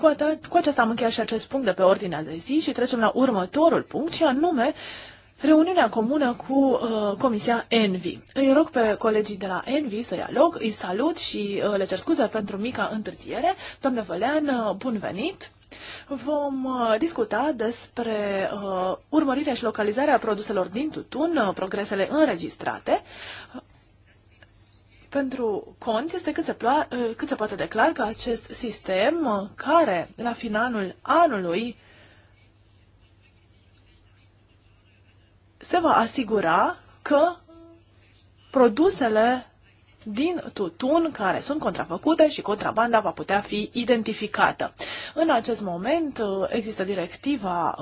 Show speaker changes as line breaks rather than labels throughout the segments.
Cu, atât, cu acesta am încheiat și acest punct de pe ordinea de zi și trecem la următorul punct și anume reuniunea comună cu uh, Comisia Envi. Îi rog pe colegii de la Envi să ia loc, îi salut și uh, le cer scuze pentru mica întârziere. Doamne Vălean, uh, bun venit! Vom uh, discuta despre uh, urmărirea și localizarea produselor din tutun, uh, progresele înregistrate pentru cont este cât se, pla- uh, cât se poate declar că acest sistem uh, care la finalul anului se va asigura că produsele din tutun care sunt contrafăcute și contrabanda va putea fi identificată. În acest moment uh, există directiva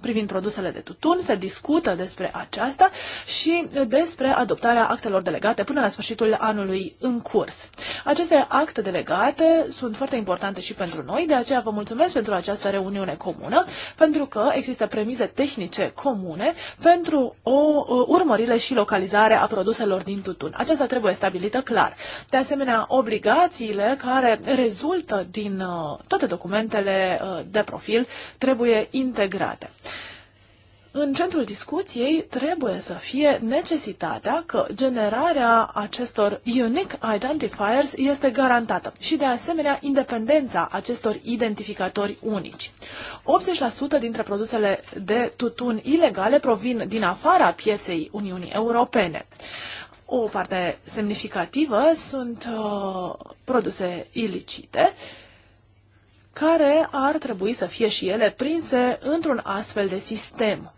privind produsele de tutun, se discută despre aceasta și despre adoptarea actelor delegate până la sfârșitul anului în curs. Aceste acte delegate sunt foarte importante și pentru noi, de aceea vă mulțumesc pentru această reuniune comună, pentru că există premize tehnice comune pentru o urmărire și localizare a produselor din tutun. Aceasta trebuie stabilită clar. De asemenea, obligațiile care rezultă din uh, toate documentele uh, de profil trebuie integrate. În centrul discuției trebuie să fie necesitatea că generarea acestor unique identifiers este garantată și de asemenea independența acestor identificatori unici. 80% dintre produsele de tutun ilegale provin din afara pieței Uniunii Europene. O parte semnificativă sunt uh, produse ilicite, care ar trebui să fie și ele prinse într-un astfel de sistem.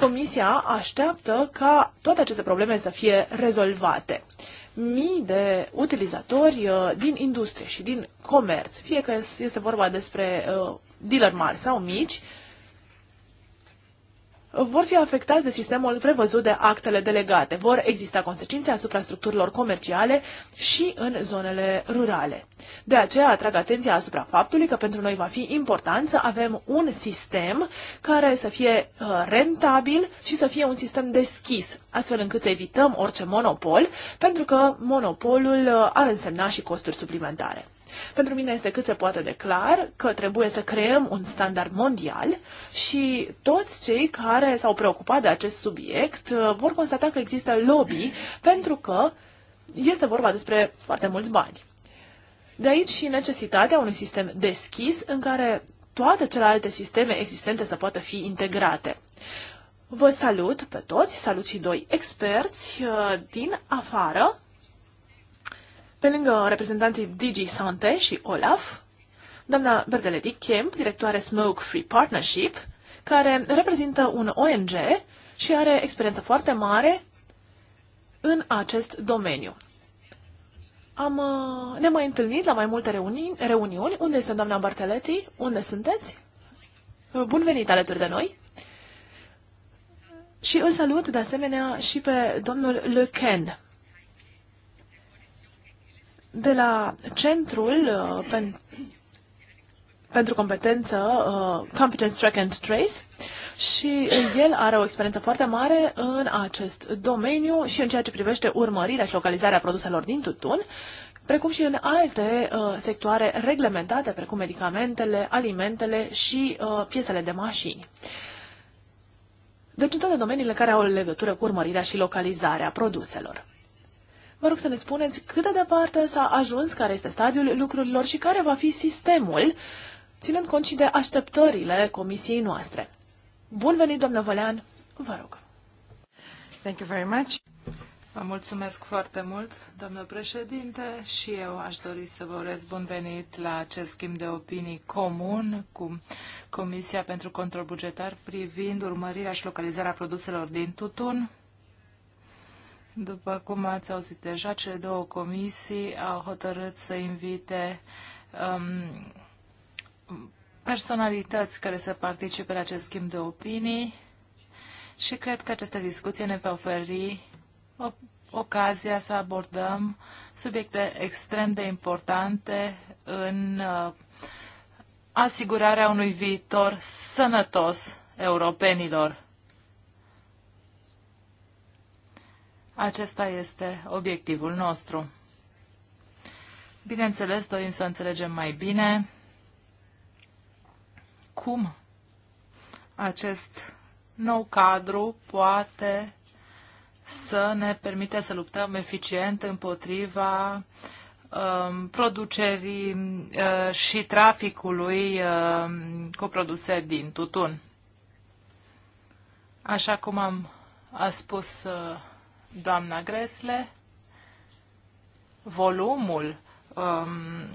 Comisia așteaptă ca toate aceste probleme să fie rezolvate. Mii de utilizatori uh, din industrie și din comerț, fie că este vorba despre uh, dealer mari sau mici, vor fi afectați de sistemul prevăzut de actele delegate. Vor exista consecințe asupra structurilor comerciale și în zonele rurale. De aceea atrag atenția asupra faptului că pentru noi va fi important să avem un sistem care să fie uh, rentabil și să fie un sistem deschis, astfel încât să evităm orice monopol, pentru că monopolul uh, ar însemna și costuri suplimentare. Pentru mine este cât se poate de clar că trebuie să creăm un standard mondial și toți cei care s-au preocupat de acest subiect uh, vor constata că există lobby pentru că este vorba despre foarte mulți bani. De aici și necesitatea unui sistem deschis în care toate celelalte sisteme existente să poată fi integrate. Vă salut pe toți, salut și doi experți uh, din afară pe lângă reprezentanții Digi Sante și Olaf, doamna Berdeletti Kemp, directoare Smoke Free Partnership, care reprezintă un ONG și are experiență foarte mare în acest domeniu. Am, uh, ne-am mai întâlnit la mai multe reuni, reuniuni. Unde este doamna Barteletti? Unde sunteți? Uh, bun venit alături de noi! Și îl salut de asemenea și pe domnul Le Ken, de la Centrul uh, pentru pentru competență uh, Competence Track and Trace și el are o experiență foarte mare în acest domeniu și în ceea ce privește urmărirea și localizarea produselor din tutun, precum și în alte uh, sectoare reglementate, precum medicamentele, alimentele și uh, piesele de mașini. Deci în toate domeniile care au legătură cu urmărirea și localizarea produselor. Vă rog să ne spuneți cât de departe s-a ajuns, care este stadiul lucrurilor și care va fi sistemul, ținând cont și de așteptările comisiei noastre. Bun venit, doamnă Vălean! Vă rog! Thank you very much. Vă mulțumesc foarte
mult, domnul președinte, și eu aș dori să vă urez bun venit la acest schimb de opinii comun cu Comisia pentru Control Bugetar privind urmărirea și localizarea produselor din tutun după cum ați auzit deja, cele două comisii au hotărât să invite um, personalități care să participe la acest schimb de opinii și cred că această discuție ne va oferi o, ocazia să abordăm subiecte extrem de importante în uh, asigurarea unui viitor sănătos europenilor. Acesta este obiectivul nostru. Bineînțeles, dorim să înțelegem mai bine cum acest nou cadru poate să ne permite să luptăm eficient împotriva um, producerii uh, și traficului uh, cu produse din tutun. Așa cum am a spus uh, doamna Gresle, volumul um,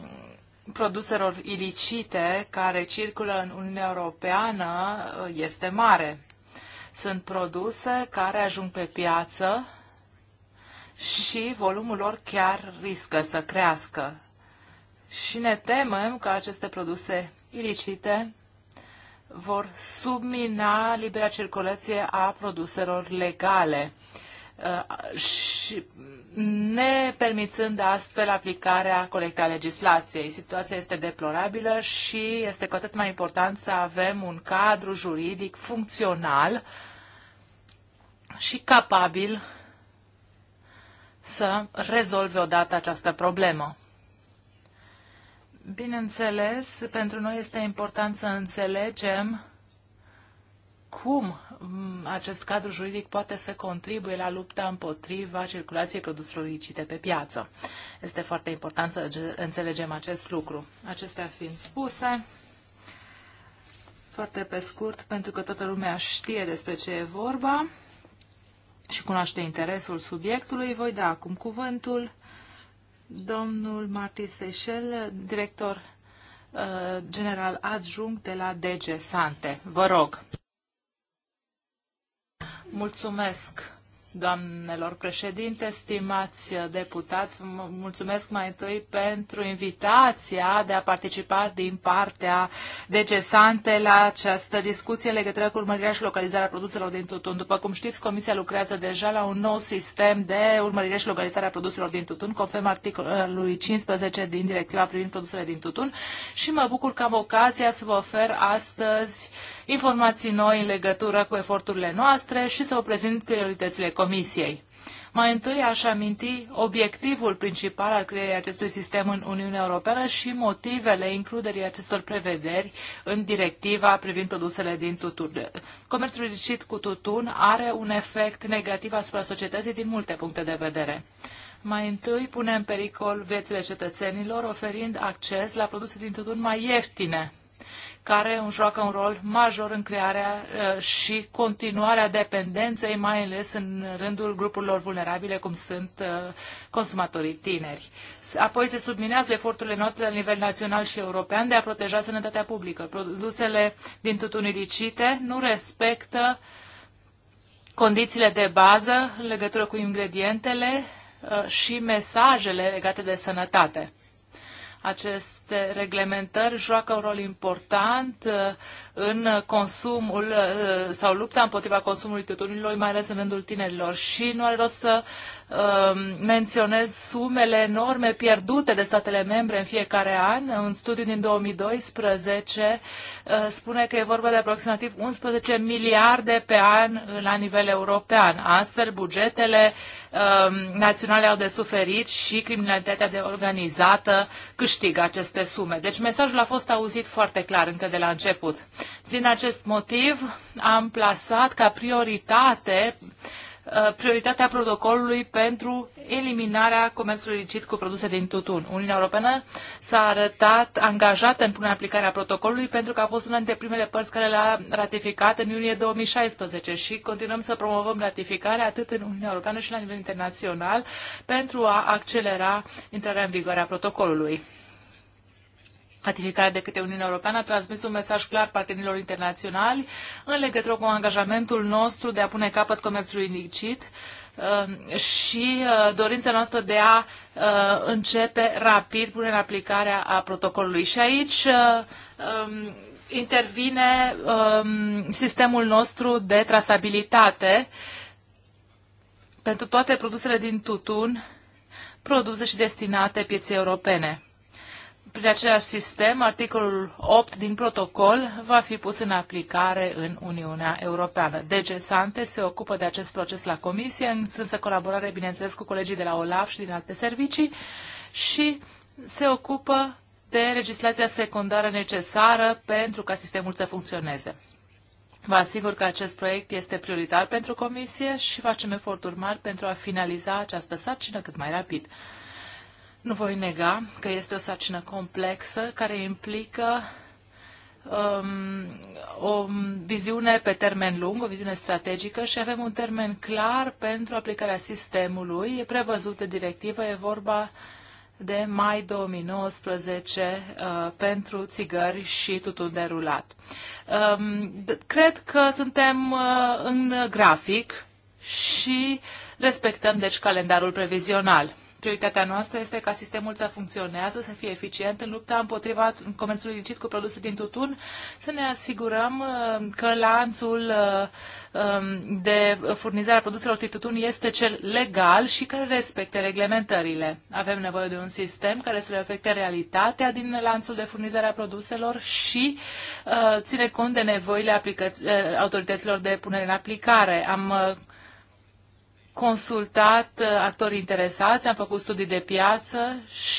produselor ilicite care circulă în Uniunea Europeană uh, este mare. Sunt produse care ajung pe piață și volumul lor chiar riscă să crească. Și ne temem că aceste produse ilicite vor submina libera circulație a produselor legale Uh, și ne permițând astfel aplicarea corectă a legislației. Situația este deplorabilă și este cu atât mai important să avem un cadru juridic funcțional și capabil să rezolve odată această problemă. Bineînțeles, pentru noi este important să înțelegem cum acest cadru juridic poate să contribuie la lupta împotriva circulației produselor licite pe piață. Este foarte important să înțelegem acest lucru. Acestea fiind spuse, foarte pe scurt, pentru că toată lumea știe despre ce e vorba și cunoaște interesul subiectului, voi da acum cuvântul domnul Martin Seychelles, director uh, general adjunct de la DG Sante. Vă rog. Mulțumesc! doamnelor președinte, stimați deputați, mulțumesc mai întâi pentru invitația de a participa din partea decesante la această discuție legătură cu urmărirea și localizarea produselor din tutun. După cum știți, Comisia lucrează deja la un nou sistem de urmărire și localizarea produselor din tutun, conform articolului 15 din directiva privind produsele din tutun și mă bucur că am ocazia să vă ofer astăzi informații noi în legătură cu eforturile noastre și să vă prezint prioritățile Comisiei. Mai întâi aș aminti obiectivul principal al creierii acestui sistem în Uniunea Europeană și motivele includerii acestor prevederi în directiva privind produsele din tutun. Comerțul ilicit cu tutun are un efect negativ asupra societății din multe puncte de vedere. Mai întâi pune în pericol viețile cetățenilor, oferind acces la produse din tutun mai ieftine care îmi joacă un rol major în crearea uh, și continuarea dependenței, mai ales în rândul grupurilor vulnerabile, cum sunt uh, consumatorii tineri. Apoi se subminează eforturile noastre la nivel național și european de a proteja sănătatea publică. Produsele din tutun ilicite nu respectă condițiile de bază în legătură cu ingredientele uh, și mesajele legate de sănătate. Aceste reglementări joacă un rol important uh, în consumul uh, sau lupta împotriva consumului tutunului, mai ales în rândul tinerilor. Și nu are rost să Ehm, menționez sumele enorme pierdute de statele membre în fiecare an. Un studiu din 2012 eh, spune că e vorba de aproximativ 11 miliarde pe an la nivel european. Astfel, bugetele ehm, naționale au de suferit și criminalitatea de organizată câștigă aceste sume. Deci mesajul a fost auzit foarte clar încă de la început. Din acest motiv am plasat ca prioritate uh, Uh, prioritatea protocolului pentru eliminarea comerțului licit cu produse din tutun. Uniunea Europeană s-a arătat angajată în punerea aplicarea protocolului pentru că a fost una dintre primele părți care l-a ratificat în iunie 2016 și continuăm să promovăm ratificarea atât în Uniunea Europeană și la nivel internațional pentru a accelera intrarea în vigoare a protocolului ratificarea de către Uniunea Europeană a transmis un mesaj clar partenerilor internaționali în legătură cu angajamentul nostru de a pune capăt comerțului ilicit uh, și uh, dorința noastră de a uh, începe rapid punerea în aplicare a protocolului. Și aici um, intervine um, sistemul nostru de trasabilitate pentru toate produsele din tutun produse și destinate pieței europene prin același sistem, articolul 8 din protocol va fi pus în aplicare în Uniunea Europeană. DG Sante se ocupă de acest proces la Comisie, în strânsă colaborare, bineînțeles, cu colegii de la OLAF și din alte servicii și se ocupă de legislația secundară necesară pentru ca sistemul să funcționeze. Vă asigur că acest proiect este prioritar pentru Comisie și facem eforturi mari pentru a finaliza această sarcină cât mai rapid. Nu voi nega că este o sarcină complexă care implică um, o viziune pe termen lung, o viziune strategică și avem un termen clar pentru aplicarea sistemului. E prevăzut de directivă, e vorba de mai 2019 uh, pentru țigări și tutun derulat. Um, cred că suntem uh, în grafic și respectăm deci calendarul previzional. Prioritatea noastră este ca sistemul să funcționează, să fie eficient în lupta împotriva comerțului ilicit cu produse din tutun, să ne asigurăm uh, că lanțul uh, um, de furnizare a produselor din tutun este cel legal și care respecte reglementările. Avem nevoie de un sistem care să reflecte realitatea din lanțul de furnizare a produselor și uh, ține cont de nevoile autorităților de punere în aplicare. Am consultat uh, actorii interesați, am făcut studii de piață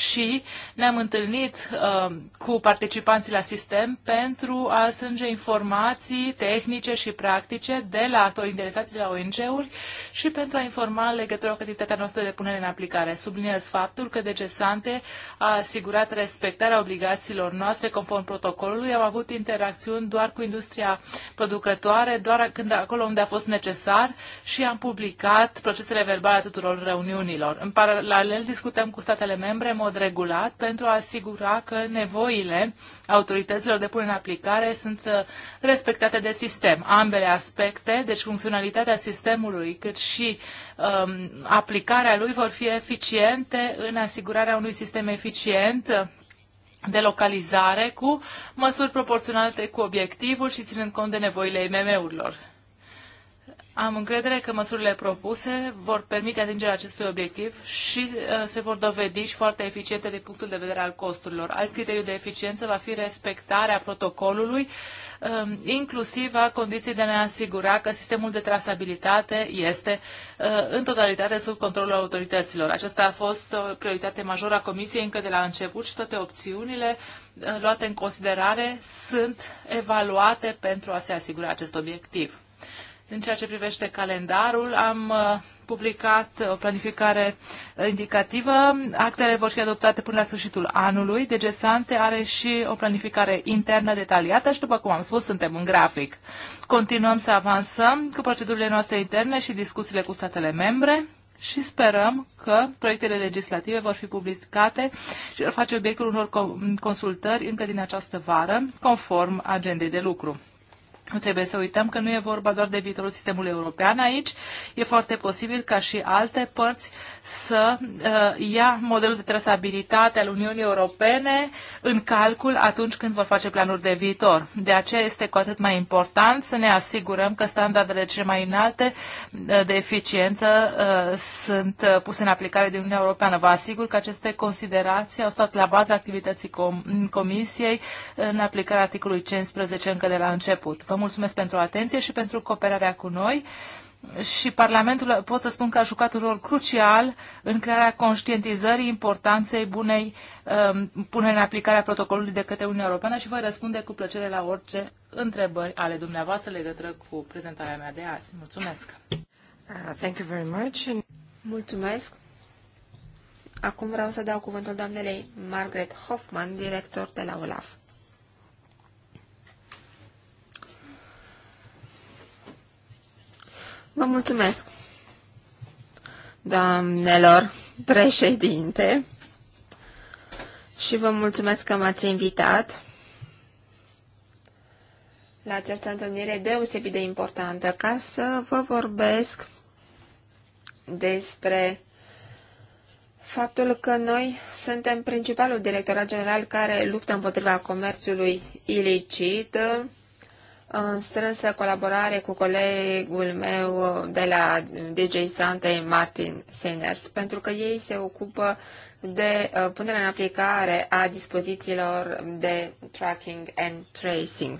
și ne-am întâlnit uh, cu participanții la sistem pentru a strânge informații tehnice și practice de la actorii interesați de la ONG-uri și pentru a informa legătura cu activitatea noastră de punere în aplicare. Subliniez faptul că decesante a asigurat respectarea obligațiilor noastre conform protocolului. Am avut interacțiuni doar cu industria producătoare, doar când, acolo unde a fost necesar și am publicat procesele verbale a tuturor reuniunilor. În paralel discutăm cu statele membre în mod regulat pentru a asigura că nevoile autorităților de pune în aplicare sunt uh, respectate de sistem. Ambele aspecte, deci funcționalitatea sistemului cât și um, aplicarea lui vor fi eficiente în asigurarea unui sistem eficient uh, de localizare cu măsuri proporționate cu obiectivul și ținând cont de nevoile IMM-urilor. Am încredere că măsurile propuse vor permite atingerea acestui obiectiv și uh, se vor dovedi și foarte eficiente din punctul de vedere al costurilor. Alt criteriu de eficiență va fi respectarea protocolului, uh, inclusiv a condiției de a ne asigura că sistemul de trasabilitate este uh, în totalitate sub controlul autorităților. Aceasta a fost o prioritate majoră a Comisiei încă de la început și toate opțiunile uh, luate în considerare sunt evaluate pentru a se asigura acest obiectiv. În ceea ce privește calendarul, am uh, publicat o planificare indicativă. Actele vor fi adoptate până la sfârșitul anului. Degesante are și o planificare internă detaliată și, după cum am spus, suntem în grafic. Continuăm să avansăm cu procedurile noastre interne și discuțiile cu statele membre și sperăm că proiectele legislative vor fi publicate și vor face obiectul unor consultări încă din această vară, conform agendei de lucru. Nu trebuie să uităm că nu e vorba doar de viitorul sistemului european aici. E foarte posibil ca și alte părți să uh, ia modelul de trasabilitate al Uniunii Europene în calcul atunci când vor face planuri de viitor. De aceea este cu atât mai important să ne asigurăm că standardele cele mai înalte uh, de eficiență uh, sunt puse în aplicare de Uniunea Europeană. Vă asigur că aceste considerații au stat la baza activității com- Comisiei în aplicarea articolului 15 încă de la început. Vă mulțumesc pentru atenție și pentru cooperarea cu noi și Parlamentul, pot să spun că a jucat un rol crucial în crearea conștientizării importanței bunei um, în aplicare a protocolului de către Uniunea Europeană și voi răspunde cu plăcere la orice întrebări ale dumneavoastră legătură cu prezentarea mea de azi. Mulțumesc!
Uh, thank you very much. Mulțumesc! Acum vreau să dau cuvântul doamnelei Margaret Hoffman, director de la OLAF. Vă mulțumesc, doamnelor președinte, și vă mulțumesc că m-ați invitat la această întâlnire deosebit de importantă ca să vă vorbesc despre faptul că noi suntem principalul director general care luptă împotriva comerțului ilicit în strânsă colaborare cu colegul meu de la DJ Santei, Martin Seners, pentru că ei se ocupă de uh, punerea în aplicare a dispozițiilor de tracking and tracing.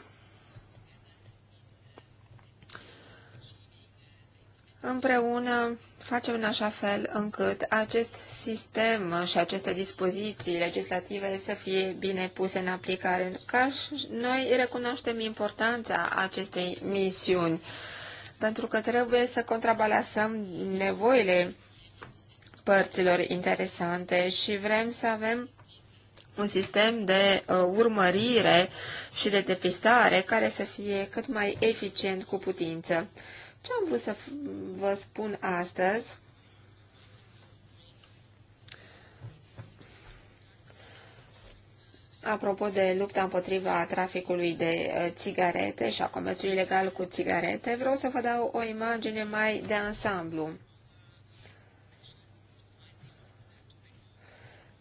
Împreună facem în așa fel încât acest sistem și aceste dispoziții legislative să fie bine puse în aplicare. Ca și noi recunoaștem importanța acestei misiuni, pentru că trebuie să contrabalasăm nevoile părților interesante și vrem să avem un sistem de uh, urmărire și de depistare care să fie cât mai eficient cu putință. Ce am vrut să vă spun astăzi apropo de lupta împotriva traficului de uh, țigarete și a comerțului ilegal cu țigarete, vreau să vă dau o imagine mai de ansamblu.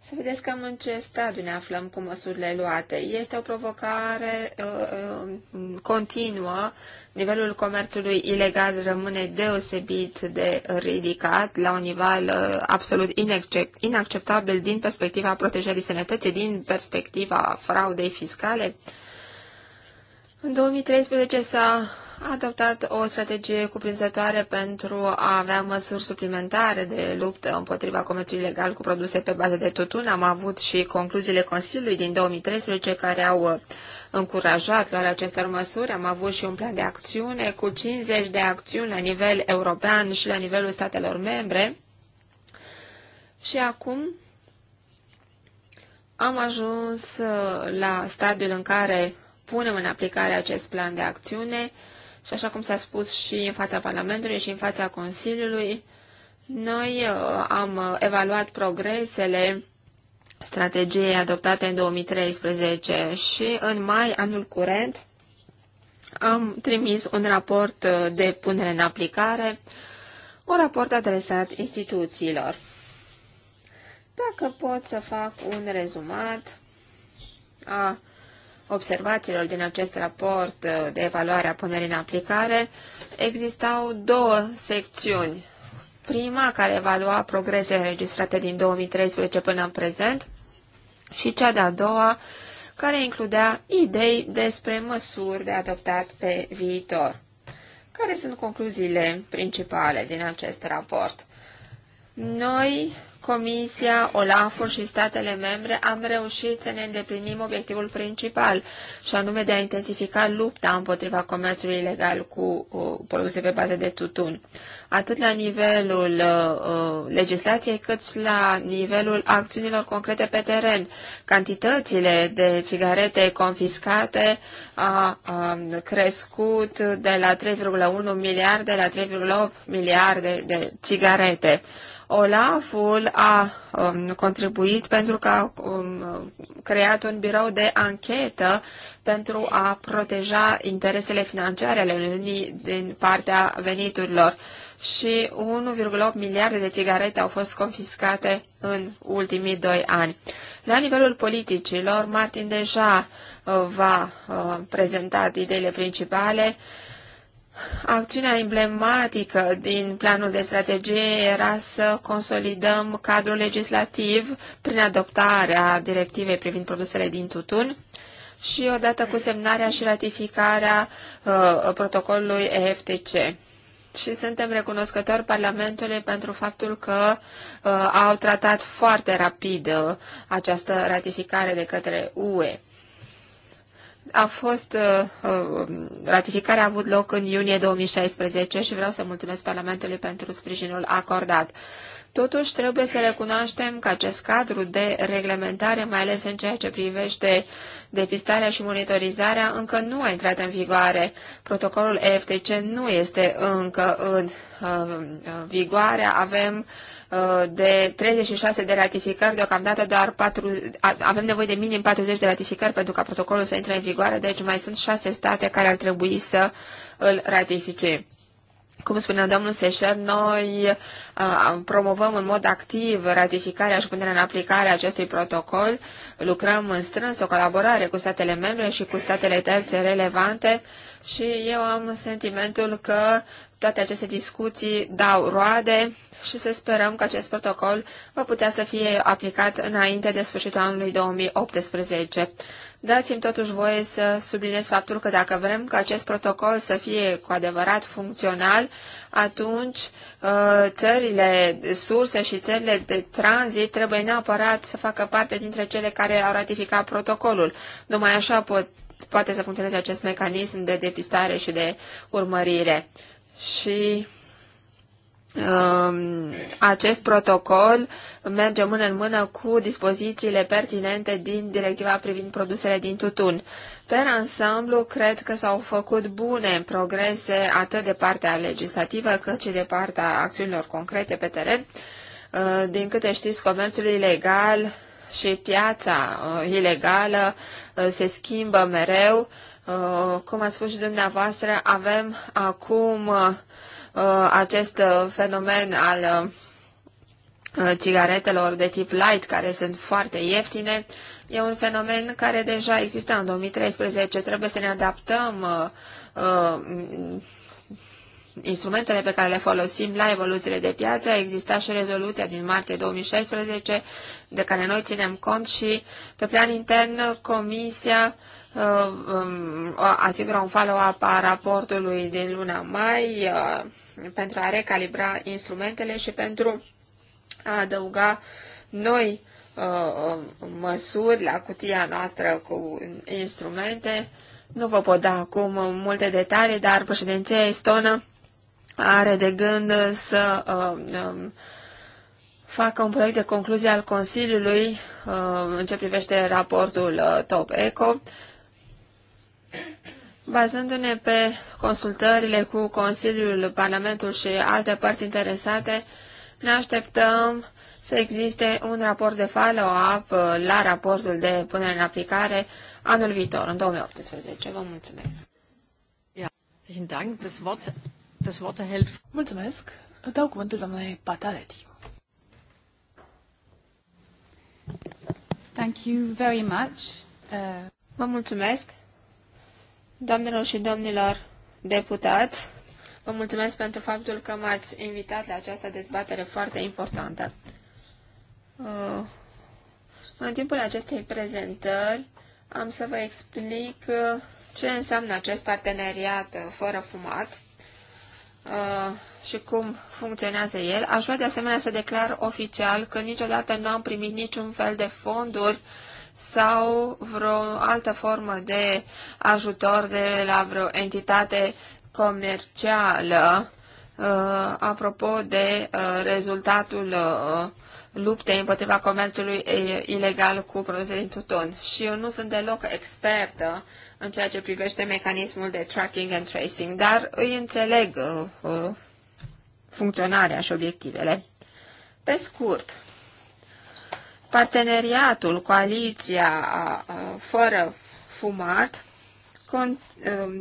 Să vedeți cam în ce stadiu ne aflăm cu măsurile luate. Este o provocare uh, uh continuă Nivelul comerțului ilegal rămâne deosebit de ridicat, la un nivel uh, absolut inacceptabil din perspectiva protejării sănătății, din perspectiva fraudei fiscale. În 2013 s-a adoptat o strategie cuprinzătoare pentru a avea măsuri suplimentare de luptă împotriva comerțului ilegal cu produse pe bază de tutun. Am avut și concluziile Consiliului din 2013 care au uh, încurajat luarea acestor măsuri. Am avut și un plan de acțiune cu 50 de acțiuni la nivel european și la nivelul statelor membre. Și acum am ajuns uh, la stadiul în care punem în aplicare acest plan de acțiune și așa cum s-a spus și în fața Parlamentului și în fața Consiliului, noi uh, am uh, evaluat progresele strategiei adoptate în 2013 și în mai anul curent am trimis un raport uh, de punere în aplicare, un raport adresat instituțiilor. Dacă pot să fac un rezumat a observațiilor din acest raport uh, de evaluare a punerii în aplicare, existau două secțiuni. Prima, care evalua progrese înregistrate din 2013 până în prezent, și cea de-a doua, care includea idei despre măsuri de adoptat pe viitor. Care sunt concluziile principale din acest raport? Noi Comisia, olaf și statele membre am reușit să ne îndeplinim obiectivul principal, și anume de a intensifica lupta împotriva comerțului ilegal cu uh, produse pe bază de tutun, atât la nivelul uh, uh, legislației, cât și la nivelul acțiunilor concrete pe teren. Cantitățile de țigarete confiscate a, a crescut de la 3,1 miliarde la 3,8 miliarde de țigarete. Olaful a um, contribuit pentru că a um, creat un birou de anchetă pentru a proteja interesele financiare ale Uniunii din partea veniturilor și 1,8 miliarde de țigarete au fost confiscate în ultimii doi ani. La nivelul politicilor, Martin deja uh, va uh, prezenta ideile principale. Uh, Acțiunea emblematică din planul de strategie era să consolidăm cadrul legislativ prin adoptarea directivei privind produsele din tutun și odată cu semnarea și ratificarea uh, protocolului EFTC. Și suntem recunoscători Parlamentului pentru faptul că uh, au tratat foarte rapid uh, această ratificare de către UE a fost uh, uh, ratificarea a avut loc în iunie 2016 și vreau să mulțumesc Parlamentului pentru sprijinul acordat. Totuși, trebuie să recunoaștem că acest cadru de reglementare, mai ales în ceea ce privește depistarea și monitorizarea, încă nu a intrat în vigoare. Protocolul EFTC nu este încă în uh, vigoare. Avem uh, Uh, de 36 de ratificări, deocamdată doar 4, avem nevoie de minim 40 de ratificări pentru ca protocolul să intre în vigoare, deci mai sunt 6 state care ar trebui să îl ratifice. Cum spunea domnul Seșer, noi uh, promovăm în mod activ ratificarea și punerea în aplicare a acestui protocol, lucrăm în o colaborare cu statele membre și cu statele terțe relevante și eu am sentimentul că toate aceste discuții dau roade și să sperăm că acest protocol va putea să fie aplicat înainte de sfârșitul anului 2018. Dați-mi totuși voie să subliniez faptul că dacă vrem ca acest protocol să fie cu adevărat funcțional, atunci uh, țările surse și țările de tranzit trebuie neapărat să facă parte dintre cele care au ratificat protocolul. Numai așa pot, poate să funcționeze acest mecanism de depistare și de urmărire. Și Um, acest protocol merge mână în mână cu dispozițiile pertinente din directiva privind produsele din tutun. Pe ansamblu, cred că s-au făcut bune progrese atât de partea legislativă cât și de partea acțiunilor concrete pe teren. Uh, din câte știți, comerțul ilegal și piața uh, ilegală uh, se schimbă mereu. Cum a spus și dumneavoastră, avem acum uh, Uh, acest uh, fenomen al țigaretelor uh, de tip light, care sunt foarte ieftine, e un fenomen care deja exista în 2013. Trebuie să ne adaptăm instrumentele pe care le folosim la evoluțiile de piață. Exista și rezoluția din martie 2016 de care noi ținem cont și pe plan intern Comisia uh, um, asigură un follow-up a raportului din luna mai. Uh, pentru a recalibra instrumentele și pentru a adăuga noi uh, uh, măsuri la cutia noastră cu instrumente. Nu vă pot da acum multe detalii, dar președinția estonă are de gând să uh, um, facă un proiect de concluzie al Consiliului uh, în ce privește raportul uh, Top Eco Bazându-ne pe consultările cu Consiliul, Parlamentul și alte părți interesate, ne așteptăm să existe un raport de follow-up uh, la raportul de punere în aplicare anul viitor, în 2018. Vă mulțumesc!
Mulțumesc! Dau cuvântul doamnei Pataleti. Thank you very much. Uh... Vă mulțumesc!
Doamnelor și domnilor deputați, vă mulțumesc pentru faptul că m-ați invitat la această dezbatere foarte importantă. Uh, în timpul acestei prezentări am să vă explic uh, ce înseamnă acest parteneriat uh, fără fumat și cum funcționează el. Aș vrea de asemenea să declar oficial că niciodată nu am primit niciun fel de fonduri sau vreo altă formă de ajutor de la vreo entitate comercială uh, apropo de uh, rezultatul uh, luptei împotriva comerțului ilegal cu produse din tuton. Și eu nu sunt deloc expertă în ceea ce privește mecanismul de tracking and tracing, dar îi înțeleg funcționarea și obiectivele. Pe scurt, Parteneriatul, coaliția fără fumat, um,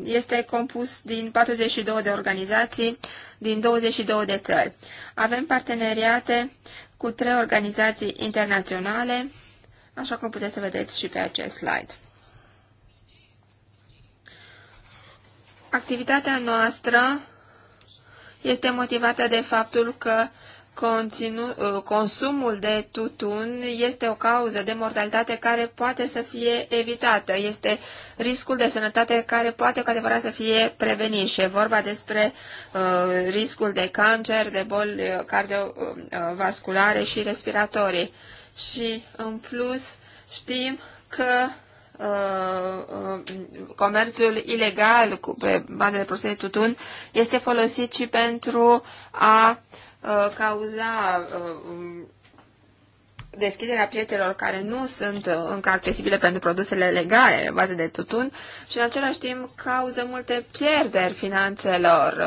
este compus din 42 de organizații din 22 de țări. Avem parteneriate cu trei organizații internaționale, așa cum puteți să vedeți și pe acest slide. Activitatea noastră este motivată de faptul că Conținu, uh, consumul de tutun este o cauză de mortalitate care poate să fie evitată. Este riscul de sănătate care poate cu adevărat să fie prevenit. Și e vorba despre uh, riscul de cancer, de boli cardiovasculare uh, uh, și respiratorii. Și în plus știm că comerțul ilegal cu, pe bază de produse de tutun este folosit și pentru a Uh, cauza uh, deschiderea piețelor care nu sunt uh, încă accesibile pentru produsele legale bază de tutun și în același timp cauză multe pierderi finanțelor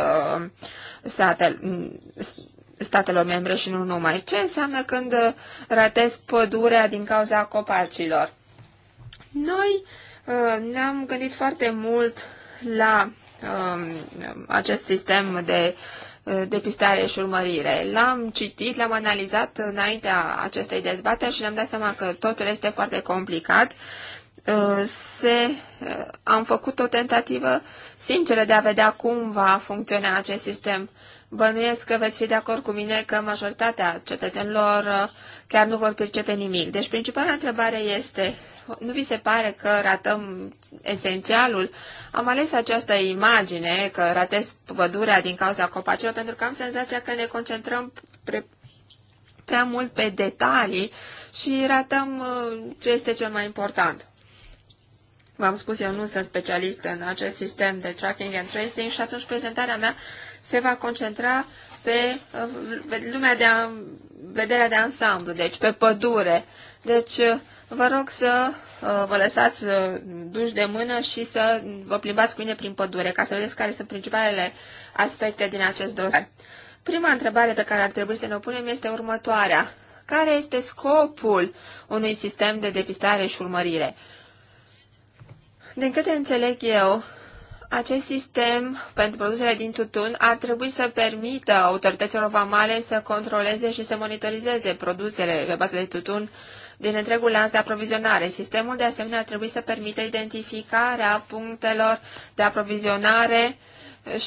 statel, statelor membre și nu numai. Ce înseamnă când ratez pădurea din cauza copacilor? Noi ne-am gândit foarte mult la um, acest sistem de depistare și urmărire. L-am citit, l-am analizat înaintea acestei dezbateri și ne-am dat seama că totul este foarte complicat. Uh, se, uh, am făcut o tentativă sinceră de a vedea cum va funcționa acest sistem. Bănuiesc că veți fi de acord cu mine că majoritatea cetățenilor uh, chiar nu vor percepe nimic. Deci principala întrebare este nu vi se pare că ratăm esențialul? Am ales această imagine că ratez pădurea din cauza copacilor pentru că am senzația că ne concentrăm pre, prea mult pe detalii și ratăm uh, ce este cel mai important. V-am spus, eu nu sunt specialist în acest sistem de tracking and tracing și atunci prezentarea mea se va concentra pe uh, lumea de vederea de ansamblu, deci pe pădure. Deci uh, Vă rog să uh, vă lăsați uh, duși de mână și să vă plimbați cu mine prin pădure, ca să vedeți care sunt principalele aspecte din acest dosar. Prima întrebare pe care ar trebui să ne o punem este următoarea. Care este scopul unui sistem de depistare și urmărire? Din câte înțeleg eu, acest sistem pentru produsele din tutun ar trebui să permită autorităților vamale să controleze și să monitorizeze produsele pe bază de tutun din întregul lanț de aprovizionare. Sistemul de asemenea ar trebui să permită identificarea punctelor de aprovizionare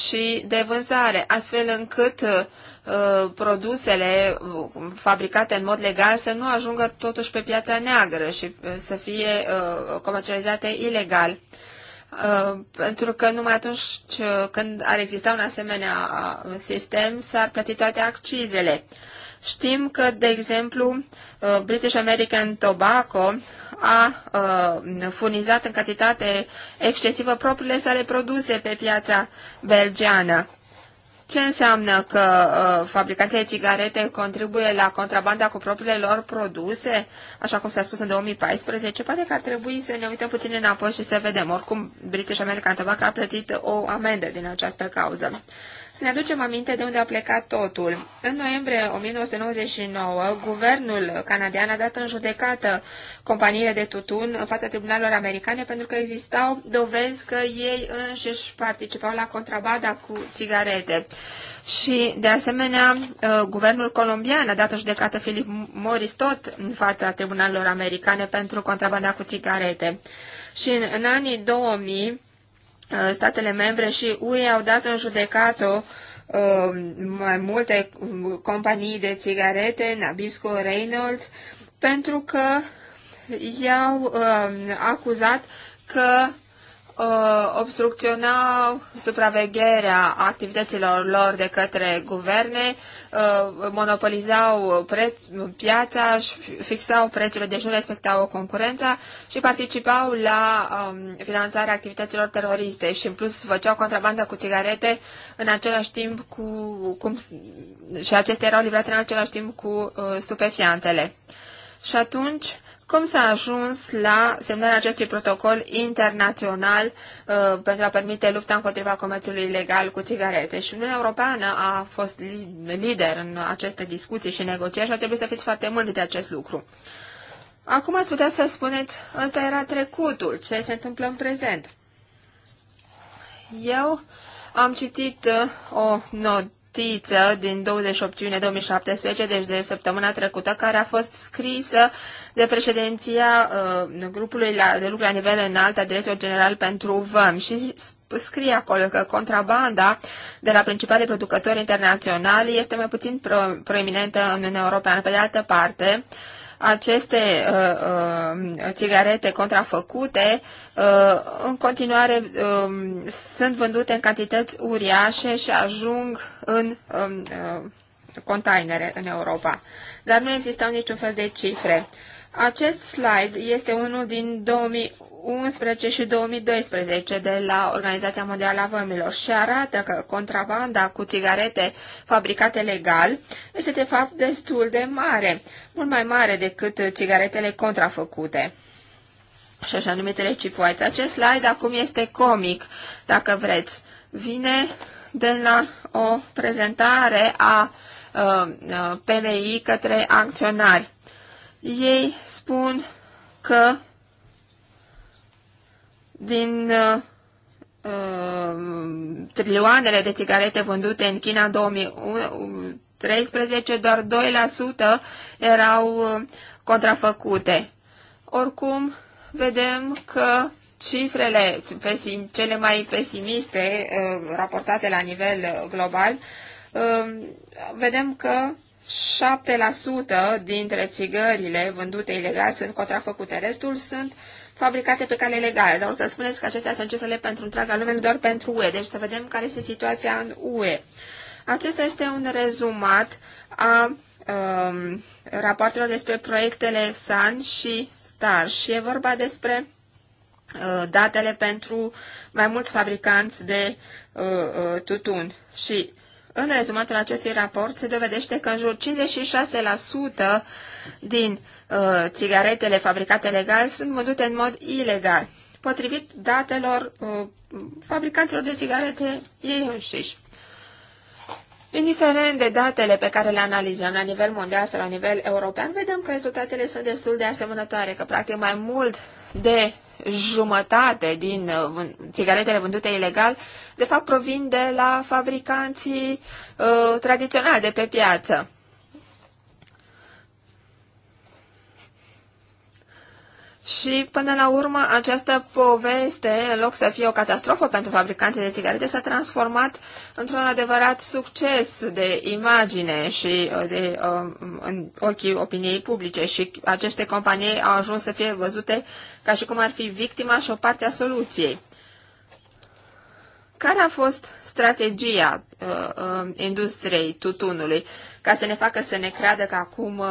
și de vânzare, astfel încât uh, produsele uh, fabricate în mod legal să nu ajungă totuși pe piața neagră și uh, să fie uh, comercializate ilegal. Uh, pentru că numai atunci uh, când ar exista un asemenea sistem s-ar plăti toate accizele. Știm că, de exemplu, Uh, British American Tobacco a uh, furnizat în cantitate excesivă propriile sale produse pe piața belgeană. Ce înseamnă că uh, fabricanții de țigarete contribuie la contrabanda cu propriile lor produse, așa cum s-a spus în 2014? Poate că ar trebui să ne uităm puțin înapoi și să vedem. Oricum, British American Tobacco a plătit o amendă din această cauză. Să ne aducem aminte de unde a plecat totul. În noiembrie 1999, guvernul canadian a dat în judecată companiile de tutun în fața tribunalelor americane pentru că existau dovezi că ei înșiși participau la contrabada cu țigarete. Și, de asemenea, uh, guvernul colombian a dat în judecată Philip Morris tot în fața tribunalelor americane pentru contrabanda cu țigarete. Și în, în anii 2000, Uh, statele membre și UE au dat în judecată uh, mai multe uh, companii de țigarete, Nabisco, Reynolds, pentru că i-au acuzat că Uh, obstrucționau supravegherea activităților lor de către guverne, uh, monopolizau preț, piața, fixau prețurile, deci nu respectau concurența și participau la um, finanțarea activităților teroriste și în plus făceau contrabandă cu țigarete în același timp cu, cum, și acestea erau livrate în același timp cu uh, stupefiantele. Și atunci cum s-a ajuns la semnarea acestui protocol internațional uh, pentru a permite lupta împotriva comerțului ilegal cu țigarete. Și Uniunea Europeană a fost lider în aceste discuții și negocieri și a trebuit să fiți foarte mândri de acest lucru. Acum ați putea să spuneți, ăsta era trecutul, ce se întâmplă în prezent. Eu am citit uh, o notiță din 28 iunie 2017, deci de săptămâna trecută, care a fost scrisă de președinția uh, grupului la, de lucru la nivel înalt a director general pentru VAM și scrie acolo că contrabanda de la principalii producători internaționali este mai puțin pro, proeminentă în Uniunea Europeană. Pe de altă parte, aceste uh, uh, țigarete contrafăcute uh, în continuare uh, sunt vândute în cantități uriașe și ajung în um, uh, containere în Europa. Dar nu existau niciun fel de cifre. Acest slide este unul din 2011 și 2012 de la Organizația Mondială a Vămilor și arată că contrabanda cu țigarete fabricate legal este de fapt destul de mare, mult mai mare decât țigaretele contrafăcute și așa numitele cipuați. Acest slide acum este comic, dacă vreți. Vine de la o prezentare a uh, uh, PMI către acționari. Ei spun că din uh, trilioanele de țigarete vândute în China în 2013, doar 2% erau uh, contrafăcute. Oricum, vedem că cifrele pesim, cele mai pesimiste uh, raportate la nivel uh, global, uh, vedem că 7% dintre țigările vândute ilegal sunt contrafăcute, restul sunt fabricate pe cale legală. Dar o să spuneți că acestea sunt cifrele pentru întreaga lume, nu doar pentru UE. Deci să vedem care este situația în UE. Acesta este un rezumat a um, rapoartelor despre proiectele SAN și STAR și e vorba despre uh, datele pentru mai mulți fabricanți de uh, uh, tutun. Și în rezumatul acestui raport se dovedește că în jur 56% din uh, țigaretele fabricate legal sunt vândute în mod ilegal, potrivit datelor uh, fabricanților de țigarete ei înșiși. Indiferent de datele pe care le analizăm la nivel mondial sau la nivel european, vedem că rezultatele sunt destul de asemănătoare, că practic mai mult de jumătate din uh, țigaretele vândute ilegal, de fapt, provin de la fabricanții uh, tradiționali de pe piață. Și până la urmă, această poveste, în loc să fie o catastrofă pentru fabricanții de țigarete, s-a transformat într-un adevărat succes de imagine și uh, de, um, în ochii opiniei publice și aceste companii au ajuns să fie văzute ca și cum ar fi victima și o parte a soluției. Care a fost strategia uh, uh, industriei tutunului? ca să ne facă să ne creadă că acum uh,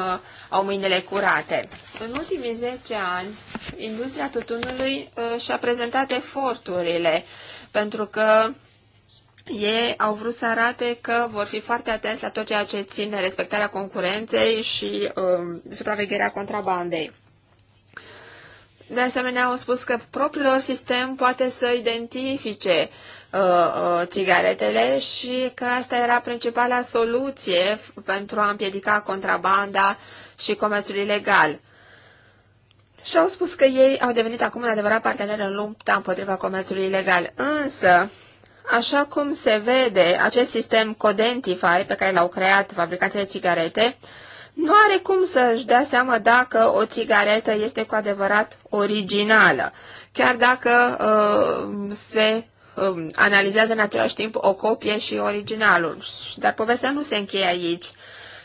au mâinile curate. În ultimii 10 ani, industria tutunului uh, și-a prezentat eforturile, pentru că ei au vrut să arate că vor fi foarte atenți la tot ceea ce ține respectarea concurenței și uh, supravegherea contrabandei. De asemenea, au spus că propriul lor sistem poate să identifice Uh, uh, țigaretele și că asta era principala soluție pentru a împiedica contrabanda și comerțul ilegal. Și au spus că ei au devenit acum un adevărat partener în lupta împotriva comerțului ilegal. Însă, așa cum se vede, acest sistem Codentify pe care l-au creat fabricanții de țigarete, nu are cum să-și dea seama dacă o țigaretă este cu adevărat originală, chiar dacă uh, se Um, analizează în același timp o copie și originalul. Dar povestea nu se încheie aici.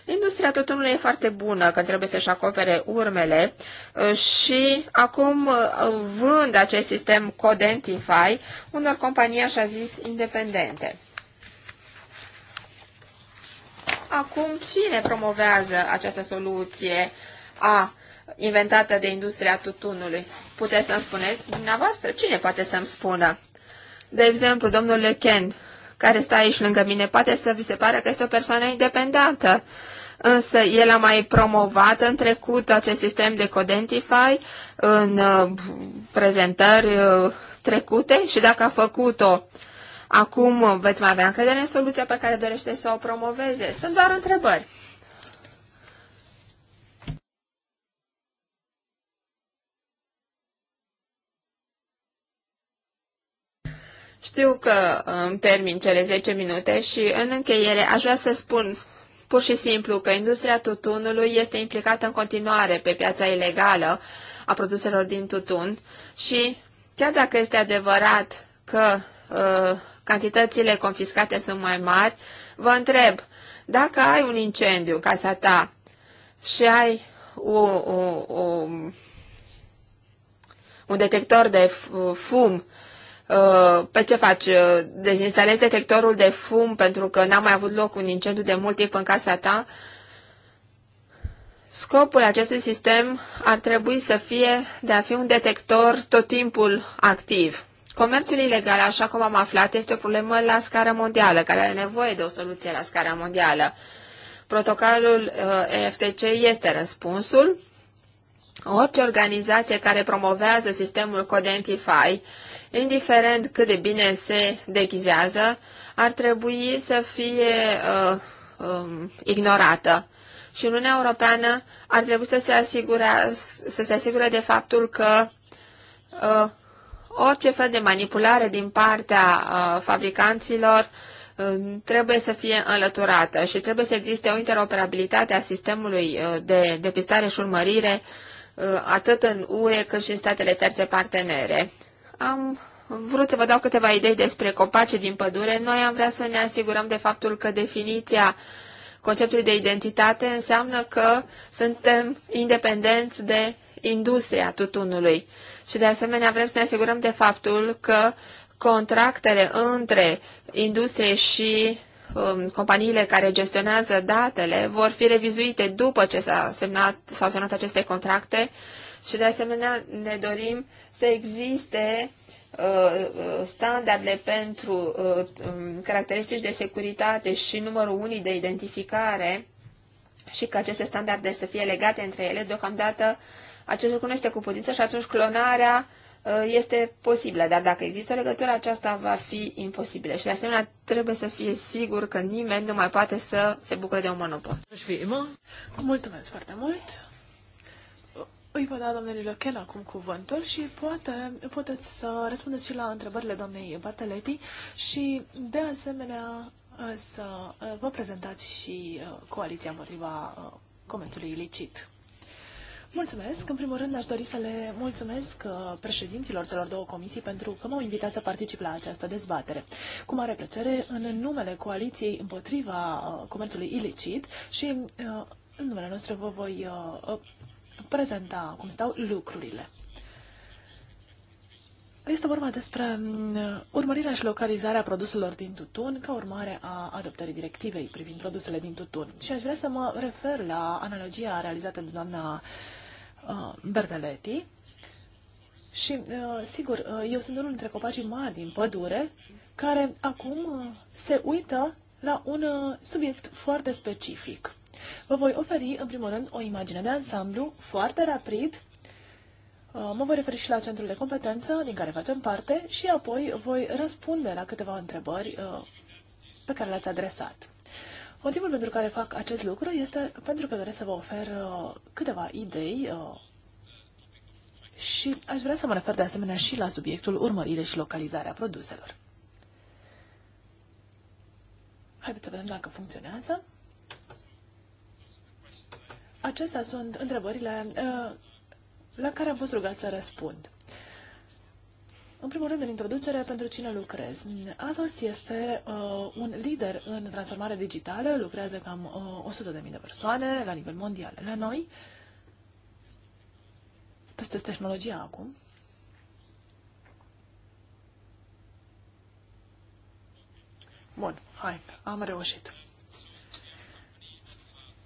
Industria tutunului e foarte bună, că trebuie să-și acopere urmele uh, și acum uh, vând acest sistem Codentify unor companii, așa zis, independente. Acum, cine promovează această soluție a inventată de industria tutunului? Puteți să-mi spuneți dumneavoastră? Cine poate să-mi spună? De exemplu, domnul Lechen, care stă aici lângă mine, poate să vi se pare că este o persoană independentă, însă el a mai promovat în trecut acest sistem de Codentify în uh, prezentări uh, trecute și dacă a făcut-o acum veți mai avea încredere în soluția pe care dorește să o promoveze. Sunt doar întrebări. Știu că îmi um, termin cele 10 minute și în încheiere aș vrea să spun pur și simplu că industria tutunului este implicată în continuare pe piața ilegală a produselor din tutun și chiar dacă este adevărat că uh, cantitățile confiscate sunt mai mari, vă întreb, dacă ai un incendiu în casa ta și ai o, o, o, un detector de fum Uh, pe ce faci? Uh, dezinstalezi detectorul de fum pentru că n-a mai avut loc un incendiu de mult timp în casa ta? Scopul acestui sistem ar trebui să fie de a fi un detector tot timpul activ. Comerțul ilegal, așa cum am aflat, este o problemă la scară mondială, care are nevoie de o soluție la scară mondială. Protocolul uh, EFTC este răspunsul. Orice organizație care promovează sistemul Codentify indiferent cât de bine se deghizează, ar trebui să fie uh, um, ignorată. Și Uniunea Europeană ar trebui să se asigure, să se asigure de faptul că uh, orice fel de manipulare din partea uh, fabricanților uh, trebuie să fie înlăturată și trebuie să existe o interoperabilitate a sistemului uh, de depistare și urmărire uh, atât în UE cât și în statele terțe partenere. Am vrut să vă dau câteva idei despre copace din pădure. Noi am vrea să ne asigurăm de faptul că definiția conceptului de identitate înseamnă că suntem independenți de industria tutunului. Și de asemenea vrem să ne asigurăm de faptul că contractele între industrie și um, companiile care gestionează datele vor fi revizuite după ce s-au semnat, semnat aceste contracte și de asemenea ne dorim să existe standarde pentru uh, um, caracteristici de securitate și numărul unii de identificare și că aceste standarde să fie legate între ele, deocamdată acest lucru nu este cu putință și atunci clonarea uh, este posibilă, dar dacă există o legătură, aceasta va fi imposibilă. Și de asemenea, trebuie să fie sigur că nimeni nu mai poate să se bucure
de un monopol. Mulțumesc foarte mult! Îi va da domnului Lochel acum cuvântul și poate puteți să răspundeți și la întrebările doamnei Barteletti și de asemenea să uh, vă prezentați și uh, coaliția împotriva uh, comentului ilicit. Mulțumesc. În primul rând, aș dori să le mulțumesc președinților celor două comisii pentru că m-au invitat să particip la această dezbatere. Cu mare plăcere, în numele Coaliției împotriva comerțului ilicit și în numele nostru vă voi prezenta cum stau lucrurile. Este vorba despre mm, urmărirea și localizarea produselor din tutun ca urmare a adoptării directivei privind produsele din tutun. Și aș vrea să mă refer la analogia realizată de doamna Berdeleti. Uh, Bertaletti. Și, uh, sigur, uh, eu sunt unul dintre copacii mari din pădure care acum se uită la un subiect foarte specific. Vă voi oferi, în primul rând, o imagine de ansamblu, foarte rapid. Uh, mă voi referi și la centrul de competență din care facem parte și apoi voi răspunde la câteva întrebări uh, pe care le-ați adresat. Motivul pentru care fac acest lucru este pentru că doresc să vă ofer uh, câteva idei și aș vrea să mă refer de asemenea și la subiectul urmărire și localizarea produselor. Haideți să vedem dacă funcționează. Acestea sunt întrebările uh, la care am fost rugat să răspund. În primul rând, în introducere, pentru cine lucrez. Atos este uh, un lider în transformare digitală, lucrează cam uh, 100.000 de persoane la nivel mondial. La noi, testez tehnologia acum, Bun, hai, am reușit.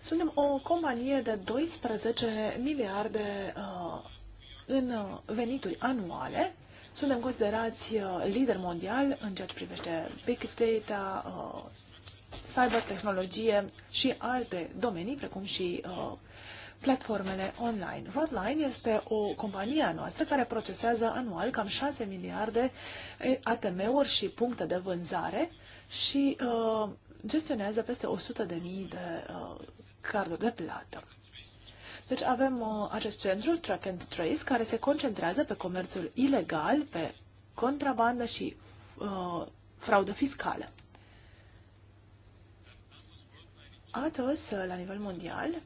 Suntem o companie de 12 miliarde uh, în uh, venituri anuale. Suntem considerați uh, lider mondial în ceea ce privește big data, uh, cyber tehnologie și alte domenii, precum și uh, platformele online. Rodline este o companie a noastră care procesează anual cam 6 miliarde ATM-uri și puncte de vânzare și uh, gestionează peste 100.000 de, de uh, cardă de plată. Deci avem uh, acest centru, Track and Trace, care se concentrează pe comerțul ilegal, pe contrabandă și uh, fraudă fiscală. ATOS, uh, la nivel mondial,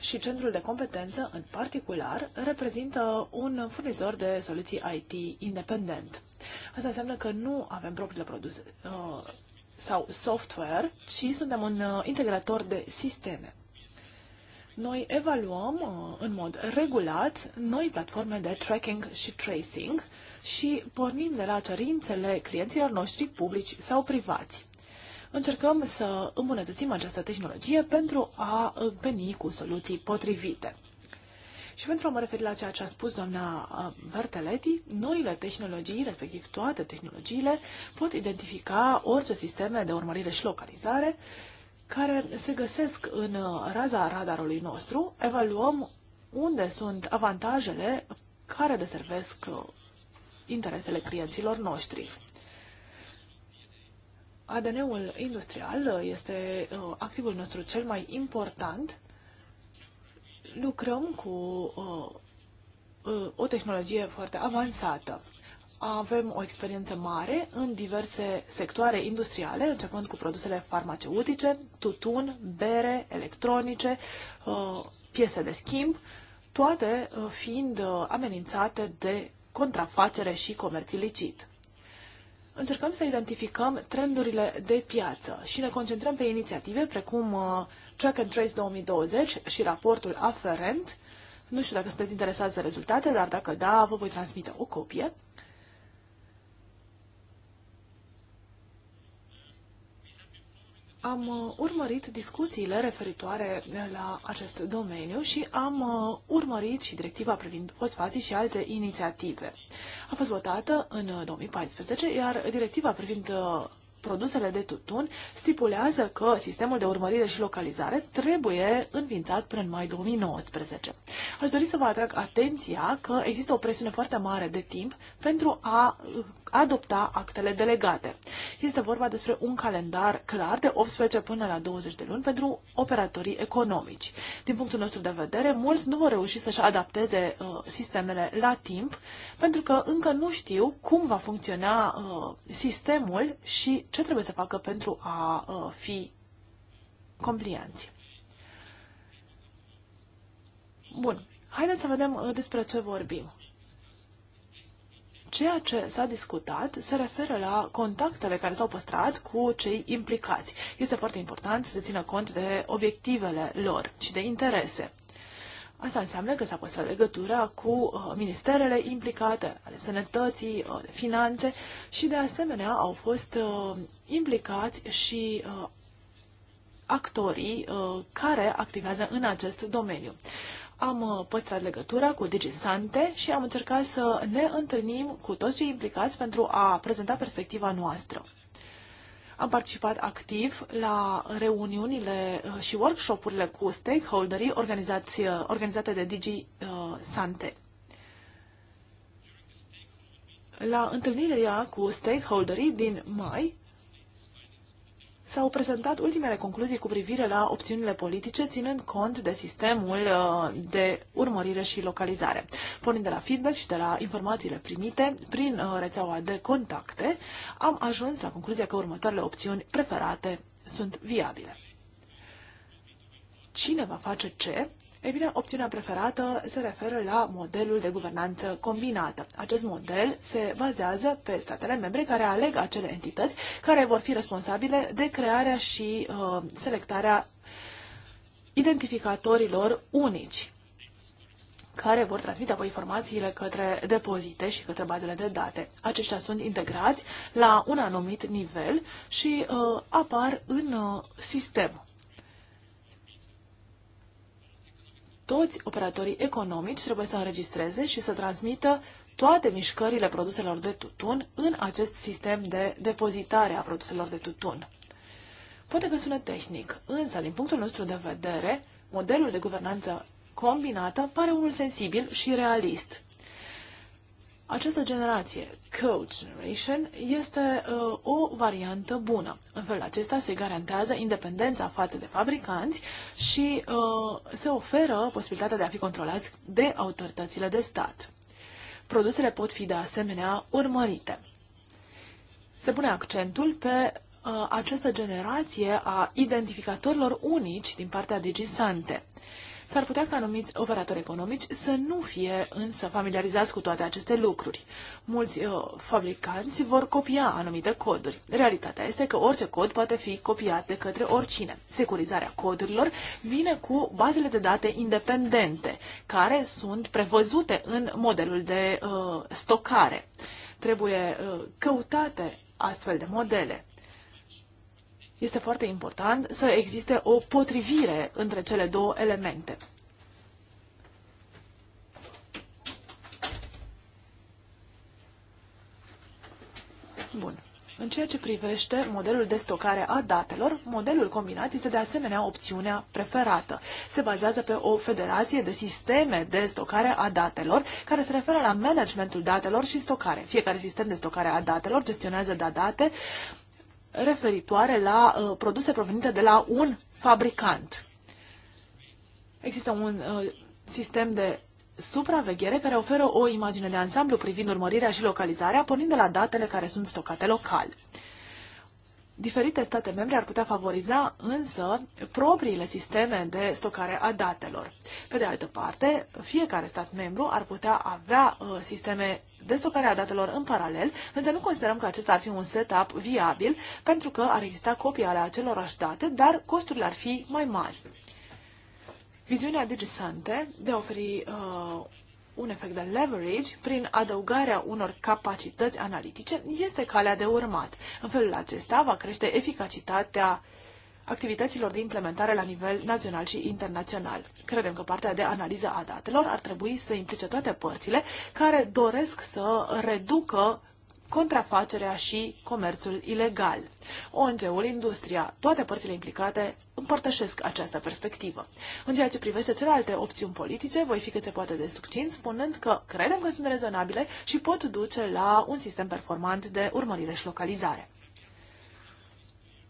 și centrul de competență, în particular, reprezintă un furnizor de soluții IT independent. Asta înseamnă că nu avem propriile produse uh, sau software, ci suntem un uh, integrator de sisteme. Noi evaluăm uh, în mod regulat noi platforme de tracking și tracing și pornim de la cerințele clienților noștri publici sau privați. Încercăm să îmbunătățim această tehnologie pentru a uh, veni cu soluții potrivite. Și pentru a mă referi la ceea ce a spus doamna uh, Berteletti, noile tehnologii, respectiv toate tehnologiile, pot identifica orice sisteme de urmărire și localizare care se găsesc în uh, raza radarului nostru, evaluăm unde sunt avantajele care deservesc uh, interesele clienților noștri. ADN-ul industrial uh, este activul nostru cel mai important. Lucrăm cu o tehnologie foarte avansată avem o experiență mare în diverse sectoare industriale, începând cu produsele farmaceutice, tutun, bere, electronice, uh, piese de schimb, toate uh, fiind uh, amenințate de contrafacere și comerț ilicit. Încercăm să identificăm trendurile de piață și ne concentrăm pe inițiative precum Track and Trace 2020 și raportul aferent. Nu știu dacă sunteți interesați de rezultate, dar dacă da, vă voi transmite o copie. am uh, urmărit discuțiile referitoare la acest domeniu și am uh, urmărit și directiva privind fosfații și alte inițiative. A fost votată în 2014, uh, iar directiva privind produsele de tutun stipulează că sistemul de urmărire și localizare trebuie înființat până în mai 2019. Aș dori să vă atrag atenția că există o presiune foarte mare de timp pentru a adopta actele delegate. Este vorba despre un calendar clar de 18 până la 20 de luni pentru operatorii economici. Din punctul nostru de vedere, mulți nu vor reuși să-și adapteze uh, sistemele la timp, pentru că încă nu știu cum va funcționa uh, sistemul și ce trebuie să facă pentru a uh, fi complianți. Bun. Haideți să vedem uh, despre ce vorbim. Ceea ce s-a discutat se referă la contactele care s-au păstrat cu cei implicați. Este foarte important să se țină cont de obiectivele lor și de interese. Asta înseamnă că s-a păstrat legătura cu uh, ministerele implicate, ale sănătății, uh, de finanțe și de asemenea au fost uh, implicați și uh, actorii uh, care activează în acest domeniu am uh, păstrat legătura cu DigiSante și am încercat să ne întâlnim cu toți cei implicați pentru a prezenta perspectiva noastră. Am participat activ la reuniunile uh, și workshopurile cu stakeholderii uh, organizate de DigiSante. Sante. La întâlnirea cu stakeholderii din mai, s-au prezentat ultimele concluzii cu privire la opțiunile politice, ținând cont de sistemul uh, de urmărire și localizare. Pornind de la feedback și de la informațiile primite prin uh, rețeaua de contacte, am ajuns la concluzia că următoarele opțiuni preferate sunt viabile. Cine va face ce ei bine, opțiunea preferată se referă la modelul de guvernanță combinată. Acest model se bazează pe statele membre care aleg acele entități care vor fi responsabile de crearea și uh, selectarea identificatorilor unici care vor transmite apoi informațiile către depozite și către bazele de date. Aceștia sunt integrați la un anumit nivel și uh, apar în uh, sistem. toți operatorii economici trebuie să înregistreze și să transmită toate mișcările produselor de tutun în acest sistem de depozitare a produselor de tutun. Poate că sună tehnic, însă, din punctul nostru de vedere, modelul de guvernanță combinată pare unul sensibil și realist. Această generație, Code Generation, este uh, o variantă bună. În felul acesta se garantează independența față de fabricanți și uh, se oferă posibilitatea de a fi controlați de autoritățile de stat. Produsele pot fi de asemenea urmărite. Se pune accentul pe uh, această generație a identificatorilor unici din partea DigiSante. Uh, S-ar putea ca anumiți operatori economici să nu fie însă familiarizați cu toate aceste lucruri. Mulți uh, fabricanți vor copia anumite coduri. Realitatea este că orice cod poate fi copiat de către oricine. Securizarea codurilor vine cu bazele de date independente, care sunt prevăzute în modelul de uh, stocare. Trebuie uh, căutate astfel de modele. Este foarte important să existe o potrivire între cele două elemente. Bun. În ceea ce privește modelul de stocare a datelor, modelul combinat este de asemenea opțiunea preferată. Se bazează pe o federație de sisteme de stocare a datelor care se referă la managementul datelor și stocare. Fiecare sistem de stocare a datelor gestionează da date referitoare la uh, produse provenite de la un fabricant. Există un uh, sistem de supraveghere care oferă o imagine de ansamblu privind urmărirea și localizarea, pornind de la datele care sunt stocate local. Diferite state membre ar putea favoriza însă propriile sisteme de stocare a datelor. Pe de altă parte, fiecare stat membru ar putea avea uh, sisteme de stocare a datelor în paralel, însă nu considerăm că acesta ar fi un setup viabil, pentru că ar exista copii ale acelorași date, dar costurile ar fi mai mari. Viziunea Digisante de a oferi uh, un efect de leverage prin adăugarea unor capacități analitice este calea de urmat. În felul acesta va crește eficacitatea uh, activităților de implementare la nivel național și internațional. Credem că partea de analiză a datelor ar trebui să implice toate părțile care doresc să reducă contrafacerea și comerțul ilegal. ONG-ul, industria, toate părțile implicate împărtășesc această perspectivă. În ceea ce privește celelalte opțiuni politice, voi fi cât se poate de succint, spunând că credem că sunt rezonabile și pot duce la un sistem performant de urmărire și localizare.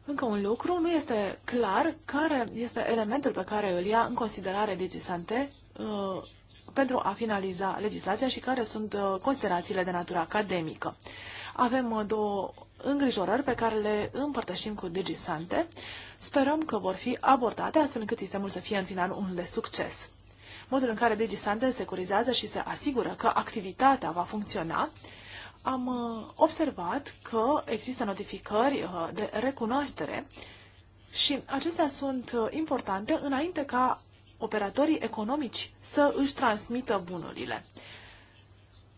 Încă un lucru, nu este clar care este elementul pe care îl ia în considerare legisante uh, pentru a finaliza legislația și care sunt uh, considerațiile de natură academică. Avem uh, două îngrijorări pe care le împărtășim cu legisante. Sperăm că vor fi abordate astfel încât sistemul să fie în final unul de succes. Modul în care Digisante securizează și se asigură că activitatea va funcționa am uh, observat că există notificări uh, de recunoaștere și acestea sunt uh, importante înainte ca operatorii economici să își transmită bunurile.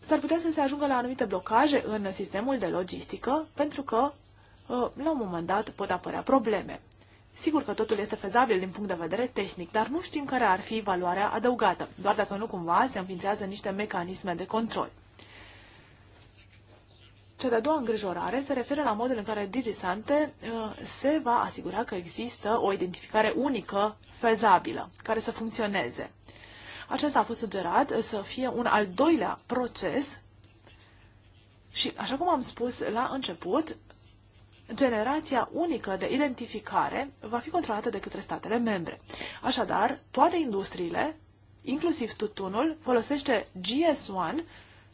S-ar putea să se ajungă la anumite blocaje în sistemul de logistică, pentru că la un moment dat pot apărea probleme. Sigur că totul este fezabil din punct de vedere tehnic, dar nu știm care ar fi valoarea adăugată, doar dacă nu cumva se înființează niște mecanisme de control. Cea de-a doua îngrijorare se referă la modul în care DigiSante uh, se va asigura că există o identificare unică, fezabilă, care să funcționeze. Acesta a fost sugerat uh, să fie un al doilea proces și, așa cum am spus la început, generația unică de identificare va fi controlată de către statele membre. Așadar, toate industriile, inclusiv tutunul, folosește GS1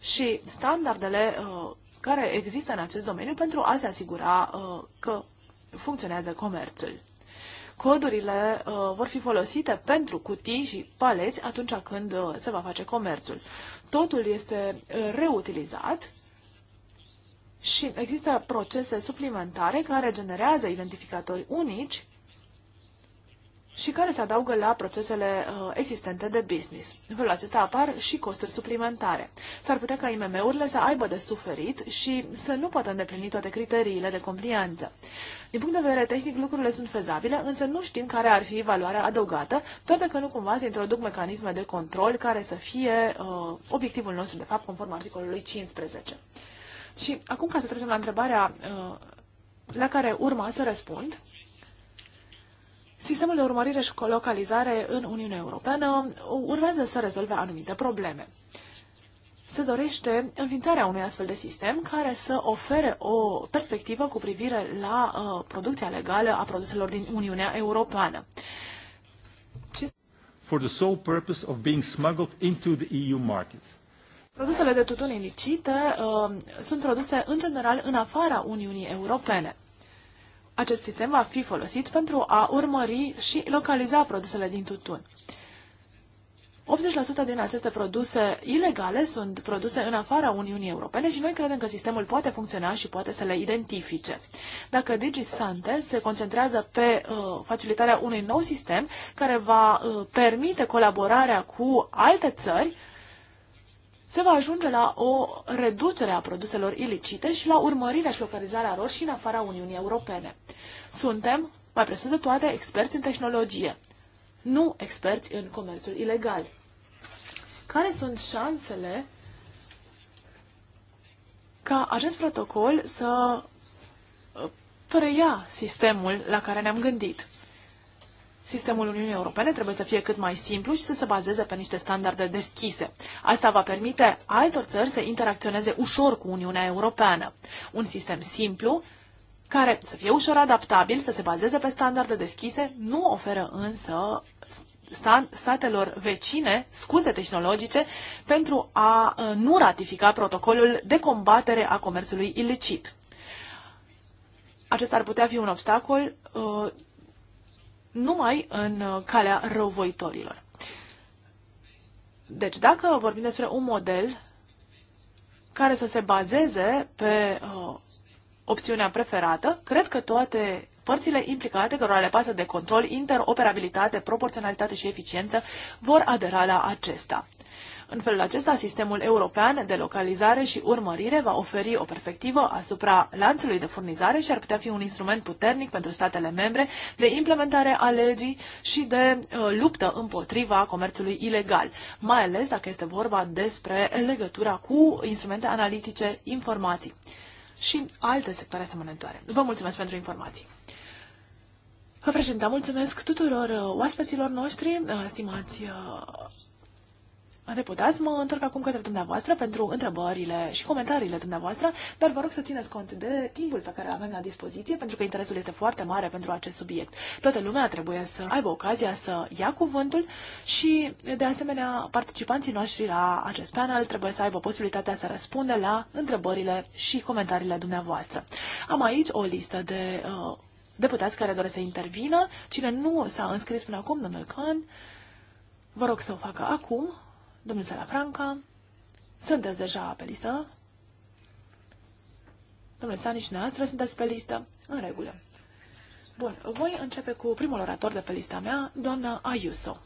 și standardele uh, care există în acest domeniu pentru a se asigura uh, că funcționează comerțul. Codurile uh, vor fi folosite pentru cutii și paleți atunci când uh, se va face comerțul. Totul este reutilizat și există procese suplimentare care generează identificatori unici și care se adaugă la procesele uh, existente de business. În felul acesta apar și costuri suplimentare. S-ar putea ca IMM-urile să aibă de suferit și să nu poată îndeplini toate criteriile de complianță. Din punct de vedere tehnic, lucrurile sunt fezabile, însă nu știm care ar fi valoarea adăugată, doar dacă nu cumva se introduc mecanisme de control care să fie uh, obiectivul nostru, de fapt, conform articolului 15. Și acum, ca să trecem la întrebarea uh, la care urma să răspund, Sistemul de urmărire și localizare în Uniunea Europeană urmează să rezolve anumite probleme. Se dorește înființarea unui astfel de sistem care să ofere o perspectivă cu privire la uh, producția legală a produselor din Uniunea Europeană. For the sole purpose of being smuggled into the EU market. Produsele de tutun ilicite uh, sunt produse în general în afara Uniunii Europene acest sistem va fi folosit pentru a urmări și localiza produsele din tutun. 80% din aceste produse ilegale sunt produse în afara Uniunii Europene și noi credem că sistemul poate funcționa și poate să le identifice. Dacă DigiSante se concentrează pe uh, facilitarea unui nou sistem care va uh, permite colaborarea cu alte țări, se va ajunge la o reducere a produselor ilicite și la urmărirea și localizarea lor și în afara Uniunii Europene. Suntem, mai presus de toate, experți în tehnologie, nu experți în comerțul ilegal. Care sunt șansele ca acest protocol să preia sistemul la care ne-am gândit? Sistemul Uniunii Europene trebuie să fie cât mai simplu și să se bazeze pe niște standarde deschise. Asta va permite altor țări să interacționeze ușor cu Uniunea Europeană. Un sistem simplu, care să fie ușor adaptabil, să se bazeze pe standarde deschise, nu oferă însă statelor vecine scuze tehnologice pentru a ă, nu ratifica protocolul de combatere a comerțului ilicit. Acesta ar putea fi un obstacol uh, numai în uh, calea răuvoitorilor. Deci, dacă vorbim despre un model care să se bazeze pe uh, opțiunea preferată, cred că toate părțile implicate, cărora le pasă de control, interoperabilitate, proporționalitate și eficiență, vor adera la acesta. În felul acesta, sistemul european de localizare și urmărire va oferi o perspectivă asupra lanțului de furnizare și ar putea fi un instrument puternic pentru statele membre de implementare a legii și de uh, luptă împotriva comerțului ilegal, mai ales dacă este vorba despre legătura cu instrumente analitice, informații și alte sectoare asemănătoare. Vă mulțumesc pentru informații! Vă președinte, mulțumesc tuturor uh, oaspeților noștri, uh, stimați uh, Deputați, mă întorc acum către dumneavoastră pentru întrebările și comentariile dumneavoastră, dar vă rog să țineți cont de timpul pe care avem la dispoziție, pentru că interesul este foarte mare pentru acest subiect. Toată lumea trebuie să aibă ocazia să ia cuvântul și, de asemenea, participanții noștri la acest panel trebuie să aibă posibilitatea să răspundă la întrebările și comentariile dumneavoastră. Am aici o listă de uh, deputați care doresc să intervină. Cine nu s-a înscris până acum, domnul Khan, vă rog să o facă acum. Domnul Salafranca, sunteți deja pe listă? Domnule Sani și noastră sunteți pe listă? În regulă. Bun, voi începe cu primul orator de pe lista mea, doamna Ayuso.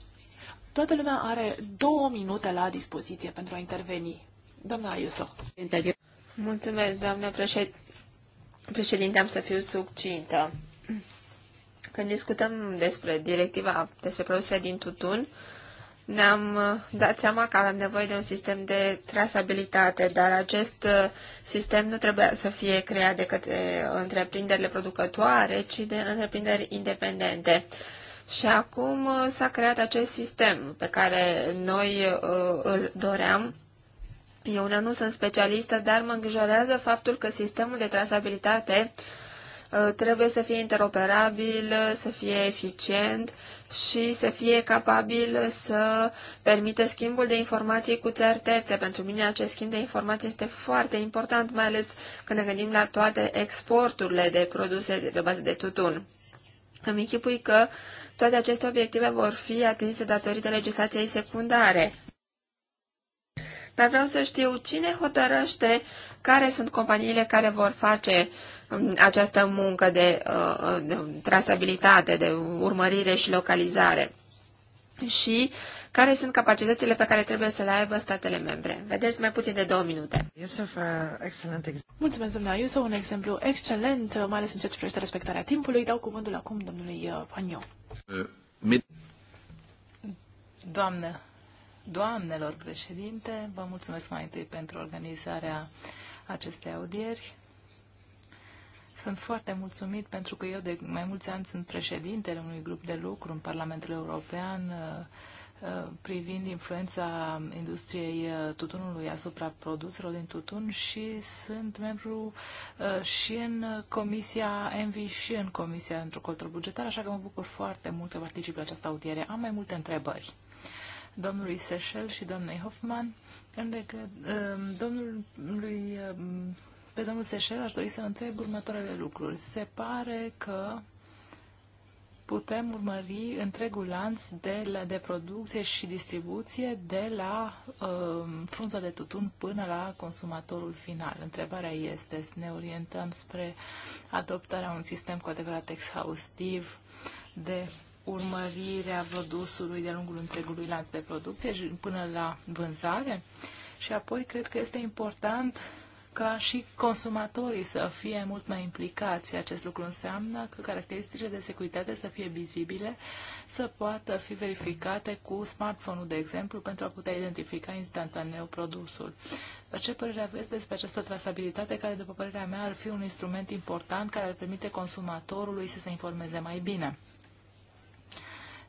Toată lumea are două minute la dispoziție pentru a interveni. Doamna Ayuso. Mulțumesc, doamnă președ...
președinte, am să fiu succintă. Când discutăm despre directiva despre produsele din tutun, ne-am uh, dat seama că avem nevoie de un sistem de trasabilitate, dar acest uh, sistem nu trebuia să fie creat de către întreprinderile producătoare, ci de întreprinderi independente. Și acum uh, s-a creat acest sistem pe care noi îl doream. Eu nu sunt specialistă, dar mă îngrijorează faptul că sistemul de trasabilitate Uh, trebuie să fie interoperabil, uh, să fie eficient și să fie capabil să permite schimbul de informații cu țări terțe. Pentru mine acest schimb de informații este foarte important, mai ales când ne gândim la toate exporturile de produse pe bază de tutun. Îmi închipui că toate aceste obiective vor fi atinse datorită legislației secundare. Dar vreau să știu cine hotărăște care sunt companiile care vor face Um, această muncă de, uh, de trasabilitate, de urmărire și localizare și care sunt capacitățile pe care trebuie să le aibă statele membre.
Vedeți mai puțin de două minute. Iusuf, uh, excelent Mulțumesc, domnule Iusuf, un exemplu excelent, uh, mai ales în ceea ce privește respectarea timpului. Dau cuvântul acum domnului uh, Paniu. Doamne, doamnelor președinte, vă mulțumesc
mai întâi pentru organizarea acestei audieri. Sunt foarte mulțumit pentru că eu de mai mulți ani sunt președintele unui grup de lucru în Parlamentul European uh, uh, privind influența industriei uh, tutunului asupra produselor din tutun și sunt membru și în Comisia Envi și în Comisia pentru Control Bugetar, așa că mă bucur foarte mult că particip la această audiere. Am mai multe întrebări domnului Seșel și domnului Hoffman, în legă, domnului pe domnul Seșel aș dori să întreb următoarele lucruri. Se pare că putem urmări întregul lanț de, la, de producție și distribuție de la uh, frunza de tutun până la consumatorul final. Întrebarea este să ne orientăm spre adoptarea unui sistem cu adevărat exhaustiv de urmărirea produsului de-a lungul întregului lanț de producție și până la vânzare. Și apoi cred că este important ca și consumatorii să fie mult mai implicați. Acest lucru înseamnă că caracteristicile de securitate să fie vizibile, să poată fi verificate cu smartphone-ul, de exemplu, pentru a putea identifica instantaneu produsul. Ce părere aveți despre această trasabilitate care, după părerea mea, ar fi un instrument important care ar permite consumatorului să se informeze mai bine?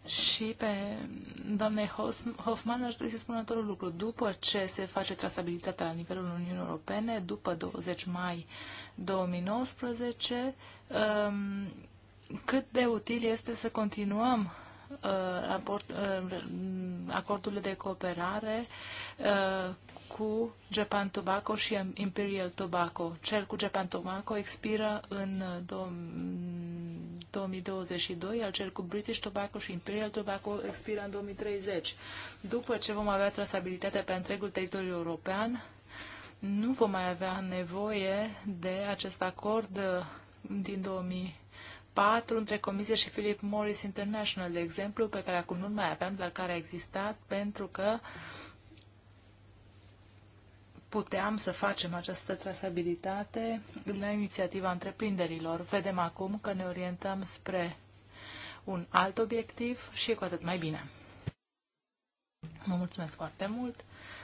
și pe doamnei Hoffman aș dori să spun următorul lucru. După ce se face trasabilitatea la nivelul Uniunii Europene, după 20 mai 2019, um, cât de util este să continuăm uh, uh, acordurile de cooperare uh, cu Japan Tobacco și Imperial Tobacco. Cel cu Japan Tobacco expiră în 2022, al cel cu British Tobacco și Imperial Tobacco expiră în 2030. După ce vom avea trasabilitatea pe întregul teritoriu european, nu vom mai avea nevoie de acest acord uh, din 2004 între Comisie și Philip Morris International, de exemplu, pe care acum nu mai avem, dar care a existat pentru că puteam să facem această trasabilitate la inițiativa întreprinderilor. Vedem acum că ne orientăm spre un alt obiectiv și e cu atât mai bine. Mă mulțumesc foarte mult.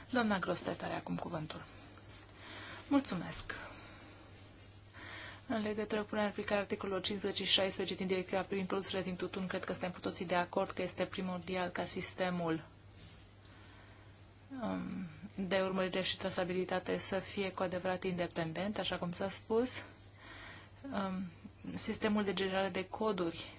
Doamna Grostet are acum cuvântul. Mulțumesc. În legătură cu punerea aplicare articolul 15 și 16 din directiva prin produsele din tutun, cred că suntem cu toții de acord că este primordial ca sistemul um, de urmărire și trasabilitate să fie cu adevărat independent, așa cum s-a spus. Um, sistemul de generare de coduri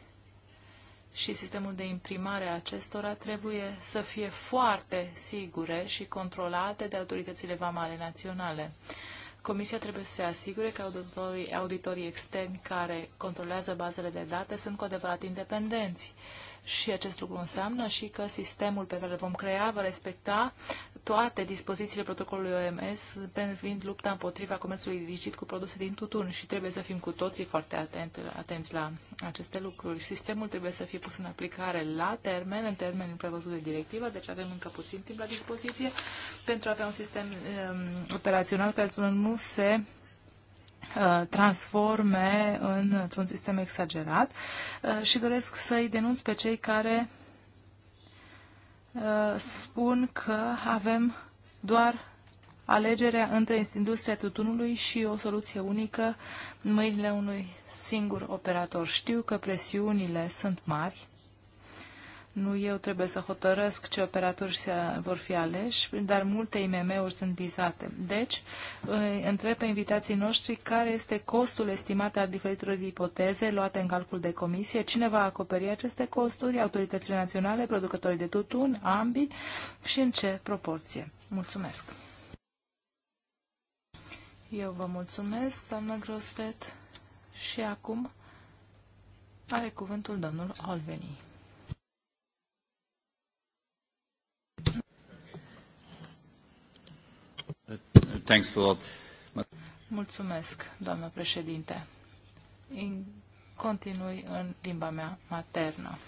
și sistemul de imprimare a acestora trebuie să fie foarte sigure și controlate de autoritățile vamale naționale. Comisia trebuie să se asigure că auditorii, auditorii externi care controlează bazele de date sunt cu adevărat independenți și acest lucru înseamnă și că sistemul pe care îl vom crea va respecta toate dispozițiile protocolului OMS privind lupta împotriva comerțului ilicit cu produse din tutun și trebuie să fim cu toții foarte atent, atenți la aceste lucruri. Sistemul trebuie să fie pus în aplicare la termen, în termenul prevăzut de directivă, deci avem încă puțin timp la dispoziție pentru a avea un sistem um, operațional care să nu se Uh, transforme într-un sistem exagerat uh, și doresc să-i denunț pe cei care uh, spun că avem doar alegerea între industria tutunului și o soluție unică în mâinile unui singur operator. Știu că presiunile sunt mari nu eu trebuie să hotărăsc ce operatori vor fi aleși, dar multe IMM-uri sunt vizate. Deci, întreb pe invitații noștri care este costul estimat al diferitelor ipoteze luate în calcul de comisie, cine va acoperi aceste costuri, autoritățile naționale, producătorii de tutun, ambii și în ce proporție. Mulțumesc! Eu vă mulțumesc, doamnă Grostet, Și acum are cuvântul domnul Olveni. Thanks a lot. Mulțumesc, doamnă președinte. In, continui în limba mea maternă.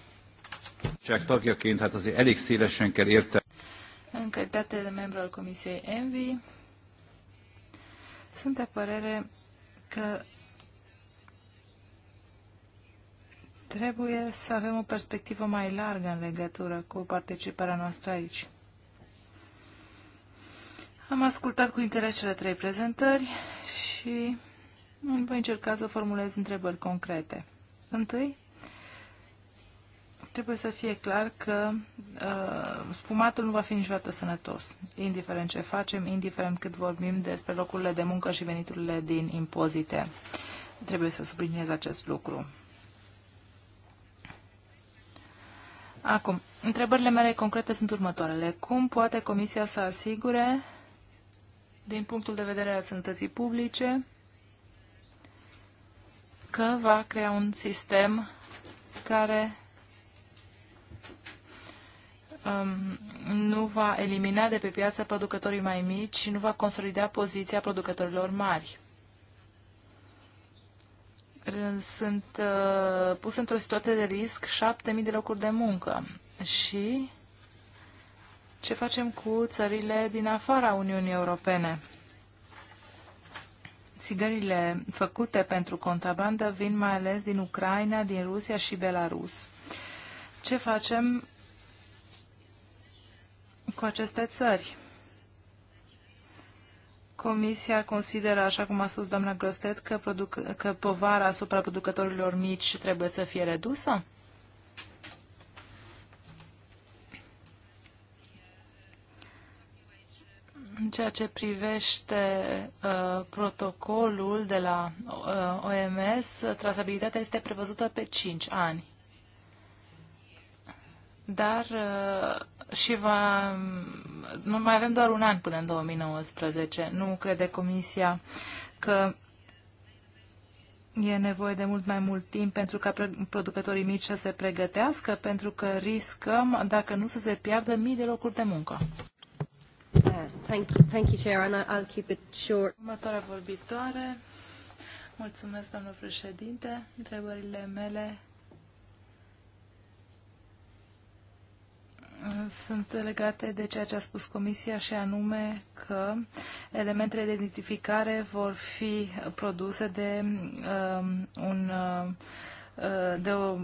Csak tagjaként, hát azért elég szélesen kell érte. În calitate de membru al Comisiei Envi, sunt de părere că trebuie să avem o perspectivă mai largă în legătură cu participarea noastră aici. Am ascultat cu interes cele trei prezentări și voi încerca să formulez întrebări concrete. Întâi, trebuie să fie clar că uh, spumatul nu va fi niciodată sănătos, indiferent ce facem, indiferent cât vorbim despre locurile de muncă și veniturile din impozite. Trebuie să subliniez acest lucru. Acum, întrebările mele concrete sunt următoarele. Cum poate Comisia să asigure din punctul de vedere al sănătății publice, că va crea un sistem care um, nu va elimina de pe piață producătorii mai mici și nu va consolida poziția producătorilor mari. Sunt uh, puse într-o situație de risc 7.000 de locuri de muncă și ce facem cu țările din afara Uniunii Europene. Țigările făcute pentru contrabandă vin mai ales din Ucraina, din Rusia și Belarus. Ce facem cu aceste țări? Comisia consideră, așa cum a spus doamna Grostet, că, produc, că povara asupra producătorilor mici trebuie să fie redusă? În ceea ce privește uh, protocolul de la uh, OMS, trasabilitatea este prevăzută pe 5 ani. Dar uh, și va, nu mai avem doar un an până în 2019. Nu crede Comisia că e nevoie de mult mai mult timp pentru ca producătorii mici să se pregătească, pentru că riscăm, dacă nu, să se piardă mii de locuri de muncă. Uh, thank you, thank you, Chair, and I'll keep it short. Următoarea vorbitoare. Mulțumesc, domnul președinte. Întrebările mele sunt legate de ceea ce a spus Comisia și anume că elementele de identificare vor fi produse de um, un uh, de o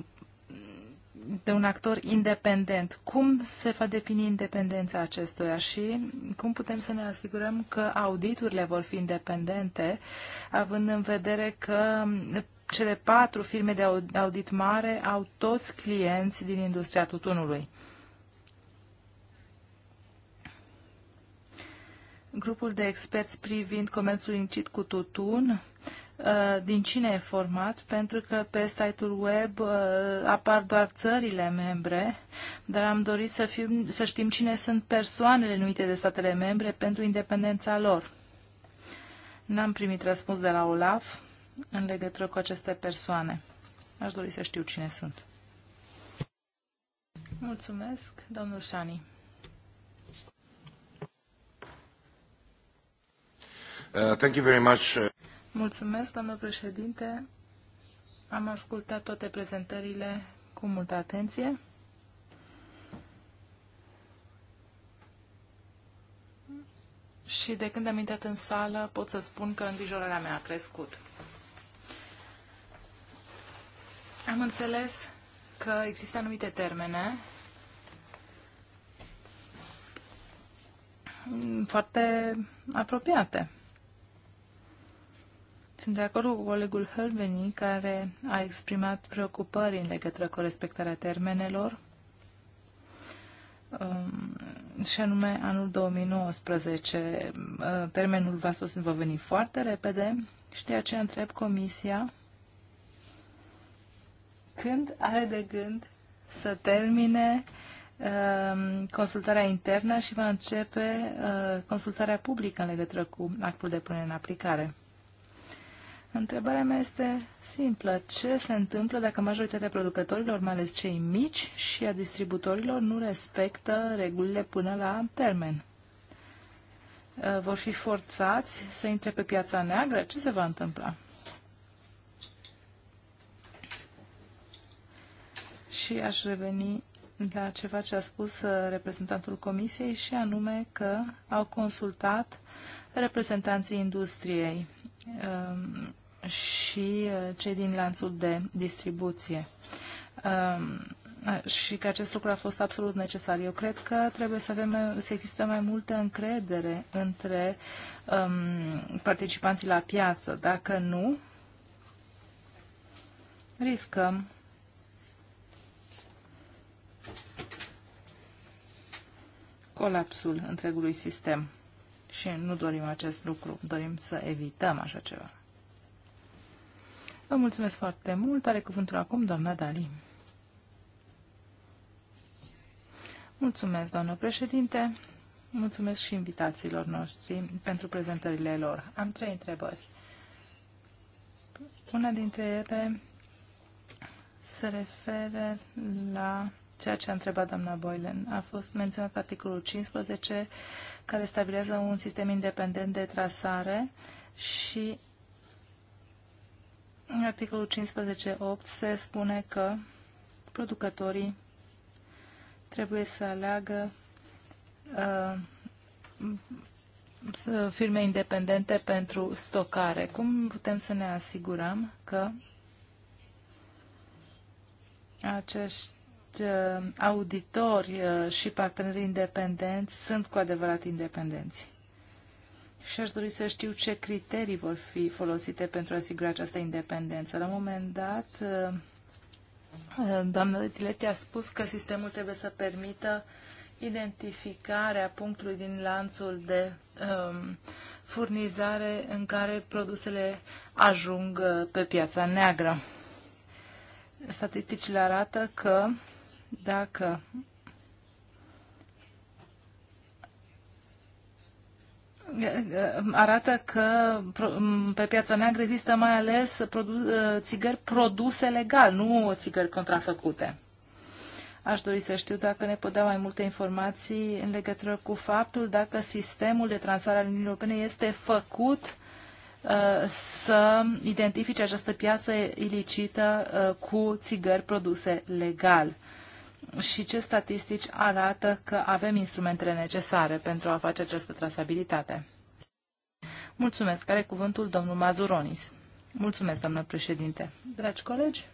de un actor independent. Cum se va defini independența acestuia și cum putem să ne asigurăm că auditurile vor fi independente, având în vedere că cele patru firme de audit mare au toți clienți din industria tutunului. Grupul de experți privind comerțul incit cu tutun Uh, din cine e format, pentru că pe site-ul web uh, apar doar țările membre, dar am dorit să, fim, să știm cine sunt persoanele numite de statele membre pentru independența lor. N-am primit răspuns de la OLAF în legătură cu aceste persoane. Aș dori să știu cine sunt. Mulțumesc, domnul Șani.
Uh, thank you very much. Uh,
Mulțumesc, doamnă președinte. Am ascultat toate prezentările cu multă atenție. Și de când am intrat în sală, pot să spun că îngrijorarea mea a crescut. Am înțeles că există anumite termene foarte apropiate. Sunt de acord cu colegul Hölveni, care a exprimat preocupări în legătură cu respectarea termenelor, um, și anume anul 2019. Uh, termenul va sosin va veni foarte repede și de aceea întreb Comisia când are de gând să termine um, consultarea internă și va începe uh, consultarea publică în legătură cu actul de punere în aplicare. Întrebarea mea este simplă. Ce se întâmplă dacă majoritatea producătorilor, mai ales cei mici și a distributorilor, nu respectă regulile până la termen? Uh, vor fi forțați să intre pe piața neagră? Ce se va întâmpla? Și aș reveni la ceva ce a spus uh, reprezentantul Comisiei și anume că au consultat reprezentanții industriei um, și uh, cei din lanțul de distribuție. Um, și că acest lucru a fost absolut necesar. Eu cred că trebuie să, avem, să există mai multă încredere între um, participanții la piață. Dacă nu, riscăm colapsul întregului sistem. Și nu dorim acest lucru, dorim să evităm așa ceva. Vă mulțumesc foarte mult. Are cuvântul acum doamna Dali. Mulțumesc, doamnă președinte. Mulțumesc și invitațiilor noștri pentru prezentările lor. Am trei întrebări. Una dintre ele se referă la ceea ce a întrebat doamna Boylan. A fost menționat articolul 15, care stabilează un sistem independent de trasare și în articolul 15.8 se spune că producătorii trebuie să aleagă uh, firme independente pentru stocare. Cum putem să ne asigurăm că acești uh, auditori uh, și partenerii independenți sunt cu adevărat independenți? și aș dori să știu ce criterii vor fi folosite pentru a asigura această independență. La un moment dat, eh, doamna Letiletti a spus că sistemul trebuie să permită identificarea punctului din lanțul de um, furnizare în care produsele ajung eh, pe piața neagră. Statisticile arată că dacă arată că pe piața neagră există mai ales produ- ă, țigări produse legal, nu țigări contrafăcute. Aș dori să știu dacă ne pot da mai multe informații în legătură cu faptul dacă sistemul de transare al Uniunii Europene este făcut ă, să identifice această piață ilicită ă, cu țigări produse legal și ce statistici arată că avem instrumentele necesare pentru a face această trasabilitate. Mulțumesc. Care cuvântul domnul Mazuronis. Mulțumesc, doamnă președinte. Dragi colegi,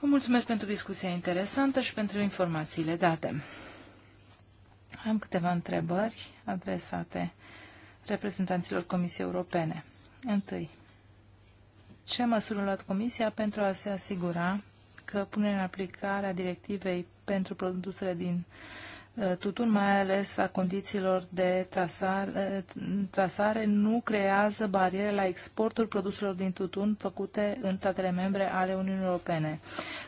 vă mulțumesc pentru discuția interesantă și pentru informațiile date. Am câteva întrebări adresate reprezentanților Comisiei Europene. Întâi, ce măsuri a luat Comisia pentru a se asigura că punerea în aplicare a directivei pentru produsele din uh, tutun, mai ales a condițiilor de trasare, uh, trasare, nu creează bariere la exportul produselor din tutun făcute în statele membre ale Uniunii Europene.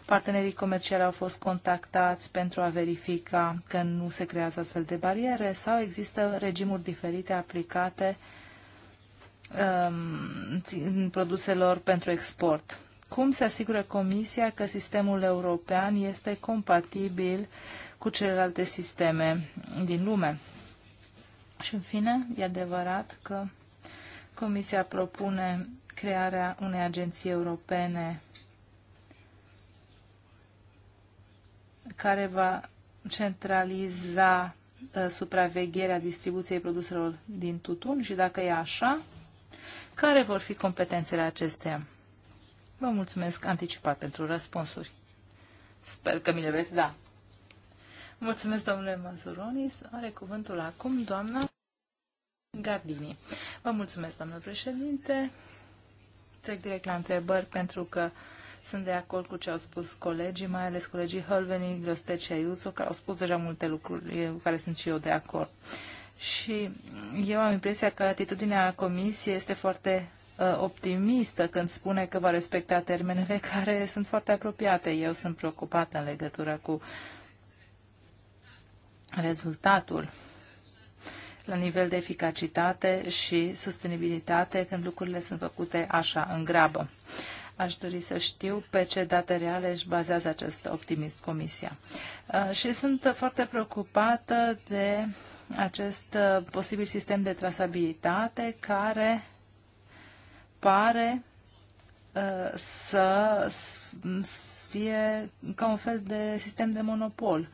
Partenerii comerciali au fost contactați pentru a verifica că nu se creează astfel de bariere sau există regimuri diferite aplicate um, produselor pentru export. Cum se asigură Comisia că sistemul european este compatibil cu celelalte sisteme din lume? Și în fine, e adevărat că Comisia propune crearea unei agenții europene care va centraliza uh, supravegherea distribuției produselor din tutun și dacă e așa, care vor fi competențele acesteia? Vă mulțumesc anticipat pentru răspunsuri. Sper că mi le veți da. Mulțumesc, domnule Mazuronis. Are cuvântul acum doamna Gardini. Vă mulțumesc, doamnă președinte. Trec direct la întrebări pentru că sunt de acord cu ce au spus colegii, mai ales colegii Hălveni, Grostet și Ayuso, care au spus deja multe lucruri cu care sunt și eu de acord. Și eu am impresia că atitudinea comisiei este foarte Uh, optimistă când spune că va respecta termenele care sunt foarte apropiate. Eu sunt preocupată în legătură cu rezultatul la nivel de eficacitate și sustenibilitate când lucrurile sunt făcute așa, în grabă. Aș dori să știu pe ce date reale își bazează acest optimist comisia. Uh, și sunt foarte preocupată de acest uh, posibil sistem de trasabilitate care pare uh, să fie ca un fel de sistem de monopol.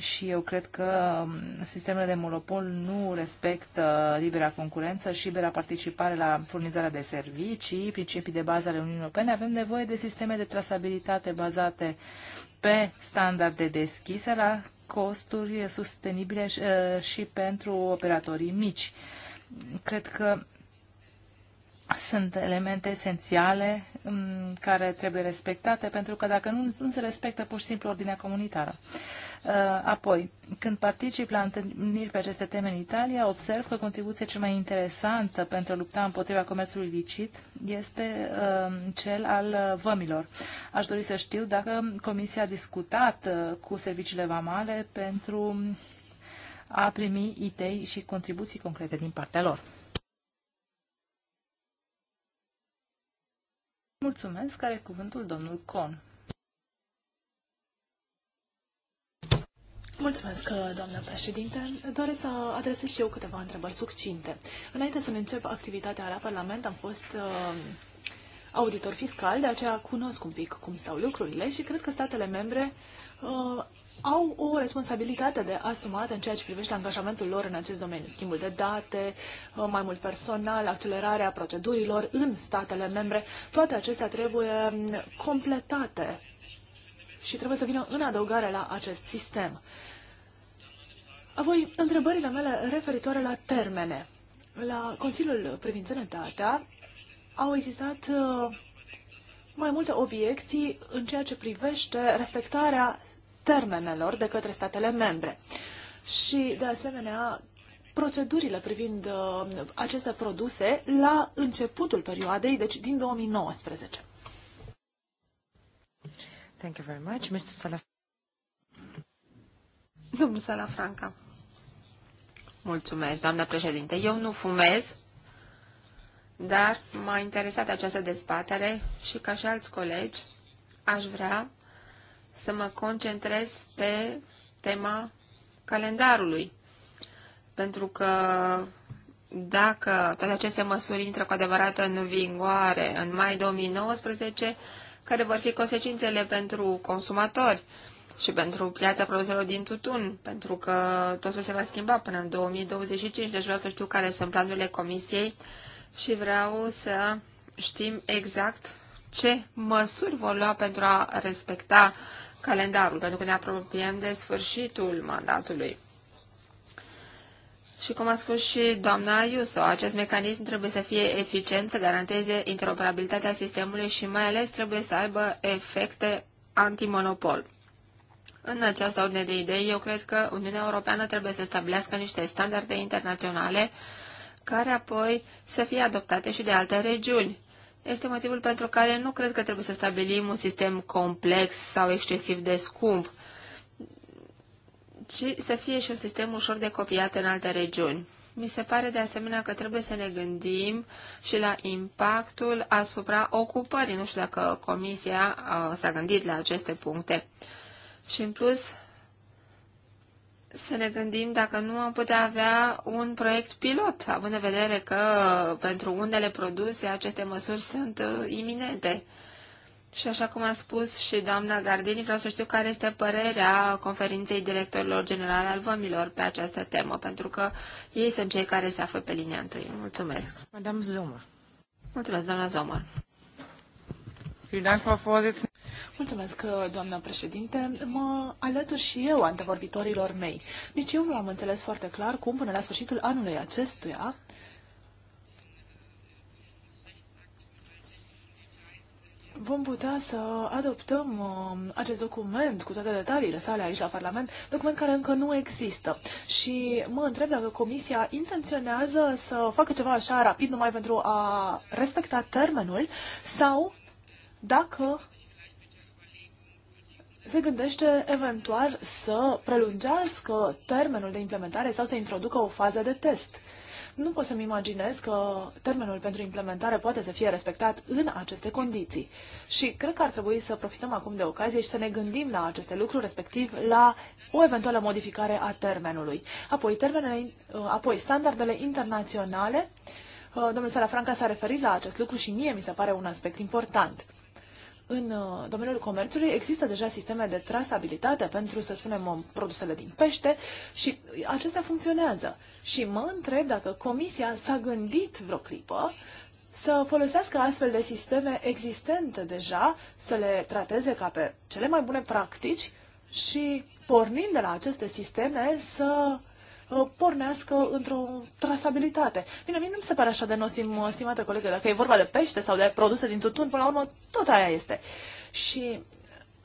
Și eu cred că um, sistemele de monopol nu respectă libera concurență și libera participare la furnizarea de servicii, principii de bază ale Uniunii Europene. Avem nevoie de sisteme de trasabilitate bazate pe standarde deschise la costuri sustenibile și, uh, și pentru operatorii mici. Cred că sunt elemente esențiale mm, care trebuie respectate, pentru că dacă nu, nu se respectă pur și simplu ordinea comunitară. Uh, apoi, când particip la întâlniri pe aceste teme în Italia, observ că contribuția cea mai interesantă pentru a lupta împotriva comerțului licit este uh, cel al uh, vămilor. Aș dori să știu dacă Comisia a discutat cu serviciile vamale pentru a primi idei și contribuții concrete din partea lor. Mulțumesc, care cuvântul domnul Con.
Mulțumesc, doamnă președinte. Doresc să adresez și eu câteva întrebări succinte. Înainte să încep activitatea la Parlament, am fost uh, auditor fiscal, de aceea cunosc un pic cum stau lucrurile și cred că statele membre uh, au o responsabilitate de asumat în ceea ce privește angajamentul lor în acest domeniu. Schimbul de date, uh, mai mult personal, accelerarea procedurilor în statele membre, toate acestea trebuie um, completate și trebuie să vină în adăugare la acest sistem. Apoi, întrebările mele referitoare la termene. La Consiliul privind sănătatea au existat uh, mai multe obiecții în ceea ce privește respectarea termenelor de către statele membre. Și, de asemenea, procedurile privind uh, aceste produse la începutul perioadei, deci din 2019. Thank you very much, Mr. Salaf.
Domnul Salafranca. Mulțumesc, doamnă președinte. Eu nu fumez, dar m-a interesat această dezbatere și ca și alți colegi aș vrea să mă concentrez pe tema calendarului. Pentru că dacă toate aceste măsuri intră cu adevărat în vigoare în mai 2019, care vor fi consecințele pentru consumatori și pentru piața produselor din tutun, pentru că totul se va schimba până în 2025, deci vreau să știu care sunt planurile comisiei și vreau să știm exact ce măsuri vor lua pentru a respecta uh, calendarul, pentru că ne apropiem de sfârșitul mandatului. Și cum a spus și doamna Iuso, acest mecanism trebuie să fie eficient, să garanteze interoperabilitatea sistemului și mai ales trebuie să aibă efecte antimonopol. În această ordine de idei, eu cred că Uniunea Europeană trebuie să stabilească niște standarde internaționale care apoi să fie adoptate și de alte regiuni este motivul pentru care nu cred că trebuie să stabilim un sistem complex sau excesiv de scump, ci să fie și un sistem ușor de copiat în alte regiuni. Mi se pare de asemenea că trebuie să ne gândim și la impactul asupra ocupării. Nu știu dacă Comisia uh, s-a gândit la aceste puncte. Și în plus, să ne gândim dacă nu am putea avea un proiect pilot, având în vedere că pentru unele produse aceste măsuri sunt uh, iminente. Și așa cum a spus și doamna Gardini, vreau să știu care este părerea conferinței directorilor generale al vămilor pe această temă, pentru că ei sunt cei care se află pe linia întâi. Mulțumesc.
Madame Zoma. Mulțumesc, doamna Zomar. Mulțumesc, doamna președinte. Mă alătur și eu antevorbitorilor mei. Nici eu nu am înțeles foarte clar cum până la sfârșitul anului acestuia vom putea să adoptăm uh, acest document cu toate detaliile sale aici la Parlament, document care încă nu există. Și mă întreb dacă Comisia intenționează să facă ceva așa rapid numai pentru a respecta termenul sau dacă se gândește eventual să prelungească termenul de implementare sau să introducă o fază de test. Nu pot să-mi imaginez că termenul pentru implementare poate să fie respectat în aceste condiții. Și cred că ar trebui să profităm acum de ocazie și să ne gândim la aceste lucruri, respectiv la o eventuală modificare a termenului. Apoi, termenele, uh, apoi standardele internaționale. Uh, domnul Salafranca s-a referit la acest lucru și mie mi se pare un aspect important. În uh, domeniul comerțului există deja sisteme de trasabilitate pentru, să spunem, um, produsele din pește și acestea funcționează. Și mă întreb dacă Comisia s-a gândit vreo clipă să folosească astfel de sisteme existente deja, să le trateze ca pe cele mai bune practici și, pornind de la aceste sisteme, să Uh, pornească într-o trasabilitate. Bine, mie nu mi se pare așa de nosim, uh, stimată colegă, dacă e vorba de pește sau de produse din tutun, până la urmă tot aia este. Și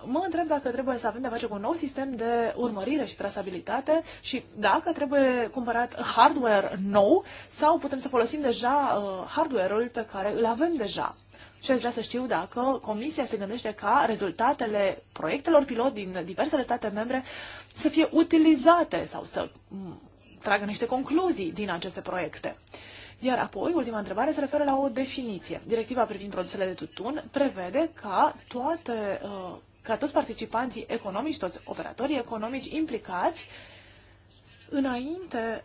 mă întreb dacă trebuie să avem de face cu un nou sistem de urmărire și trasabilitate și dacă trebuie cumpărat hardware nou sau putem să folosim deja uh, hardware-ul pe care îl avem deja. Și aș vrea să știu dacă Comisia se gândește ca rezultatele proiectelor pilot din diversele state membre să fie utilizate sau să tragă niște concluzii din aceste proiecte. Iar apoi, ultima întrebare se referă la o definiție. Directiva privind produsele de tutun prevede ca toate, uh, ca toți participanții economici, toți operatorii economici implicați, înainte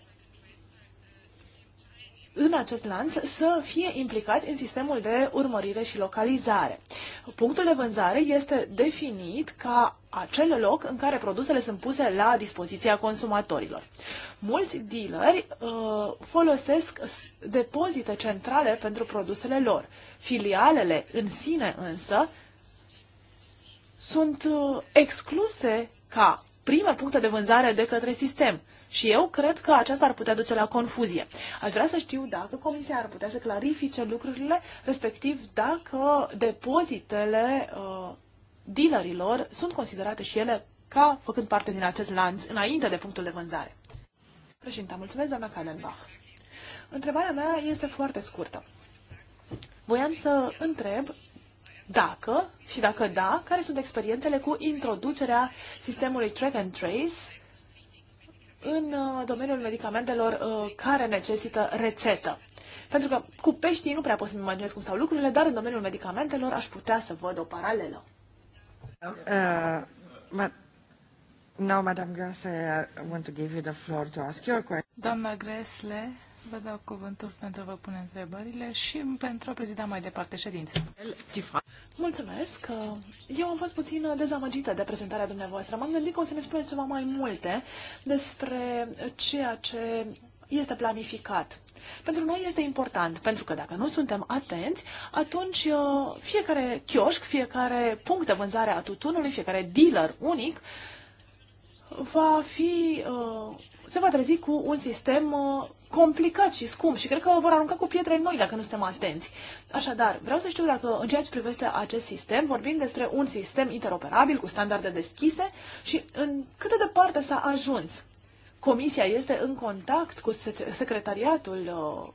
în acest lanț să fie implicați în sistemul de urmărire și localizare. Punctul de vânzare este definit ca acel loc în care produsele sunt puse la dispoziția consumatorilor. Mulți dealeri uh, folosesc depozite centrale pentru produsele lor. Filialele în sine însă sunt uh, excluse ca prime puncte de vânzare de către sistem. Și eu cred că aceasta ar putea duce la confuzie. Aș vrea să știu dacă Comisia ar putea să clarifice lucrurile, respectiv dacă depozitele uh, dealerilor sunt considerate și ele ca făcând parte din acest lanț înainte de punctul de vânzare. Președinte, mulțumesc, doamna Kallenbach. Întrebarea mea este foarte scurtă. Voiam să întreb dacă și dacă da, care sunt experiențele cu introducerea sistemului track and trace în uh, domeniul medicamentelor uh, care necesită rețetă. Pentru că cu peștii nu prea pot să-mi imaginez cum stau lucrurile, dar în domeniul medicamentelor aș putea să văd o paralelă. Uh,
now, Madam Grasle, I want to give you the floor to ask your question. Doamna Gresle,
vă dau cuvântul pentru a vă pune întrebările și pentru a prezida mai departe ședința. Mulțumesc! Eu am fost puțin dezamăgită de prezentarea dumneavoastră. M-am gândit că o să ne spuneți ceva mai multe despre ceea ce este planificat. Pentru noi este important, pentru că dacă nu suntem atenți, atunci uh, fiecare chioșc, fiecare punct de vânzare a tutunului, fiecare dealer unic, va fi, uh, se va trezi cu un sistem uh, complicat și scump și cred că vor arunca cu pietre în noi dacă nu suntem atenți. Așadar, vreau să știu dacă în ceea ce privește acest sistem vorbim despre un sistem interoperabil cu standarde deschise și în cât de departe s-a ajuns. Comisia este în contact cu secretariatul, uh,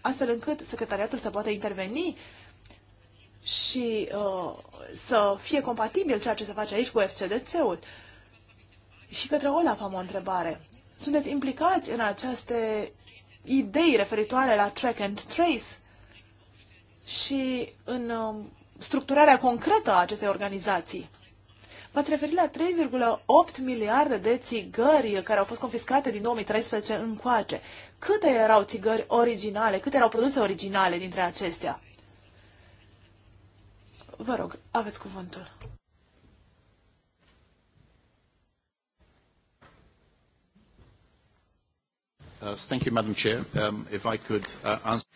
astfel încât secretariatul să poată interveni și uh, să fie compatibil ceea ce se face aici cu FCDC-ul. Și către Olaf am o întrebare. Sunteți implicați în aceste idei referitoare la track and trace și în uh, structurarea concretă a acestei organizații? V-ați referit la 3,8 miliarde de țigări care au fost confiscate din 2013 încoace. Câte erau țigări originale, câte erau produse originale dintre acestea? Vă rog, aveți cuvântul.
Uh, thank you, Madam Chair. Um, if I could uh, answer...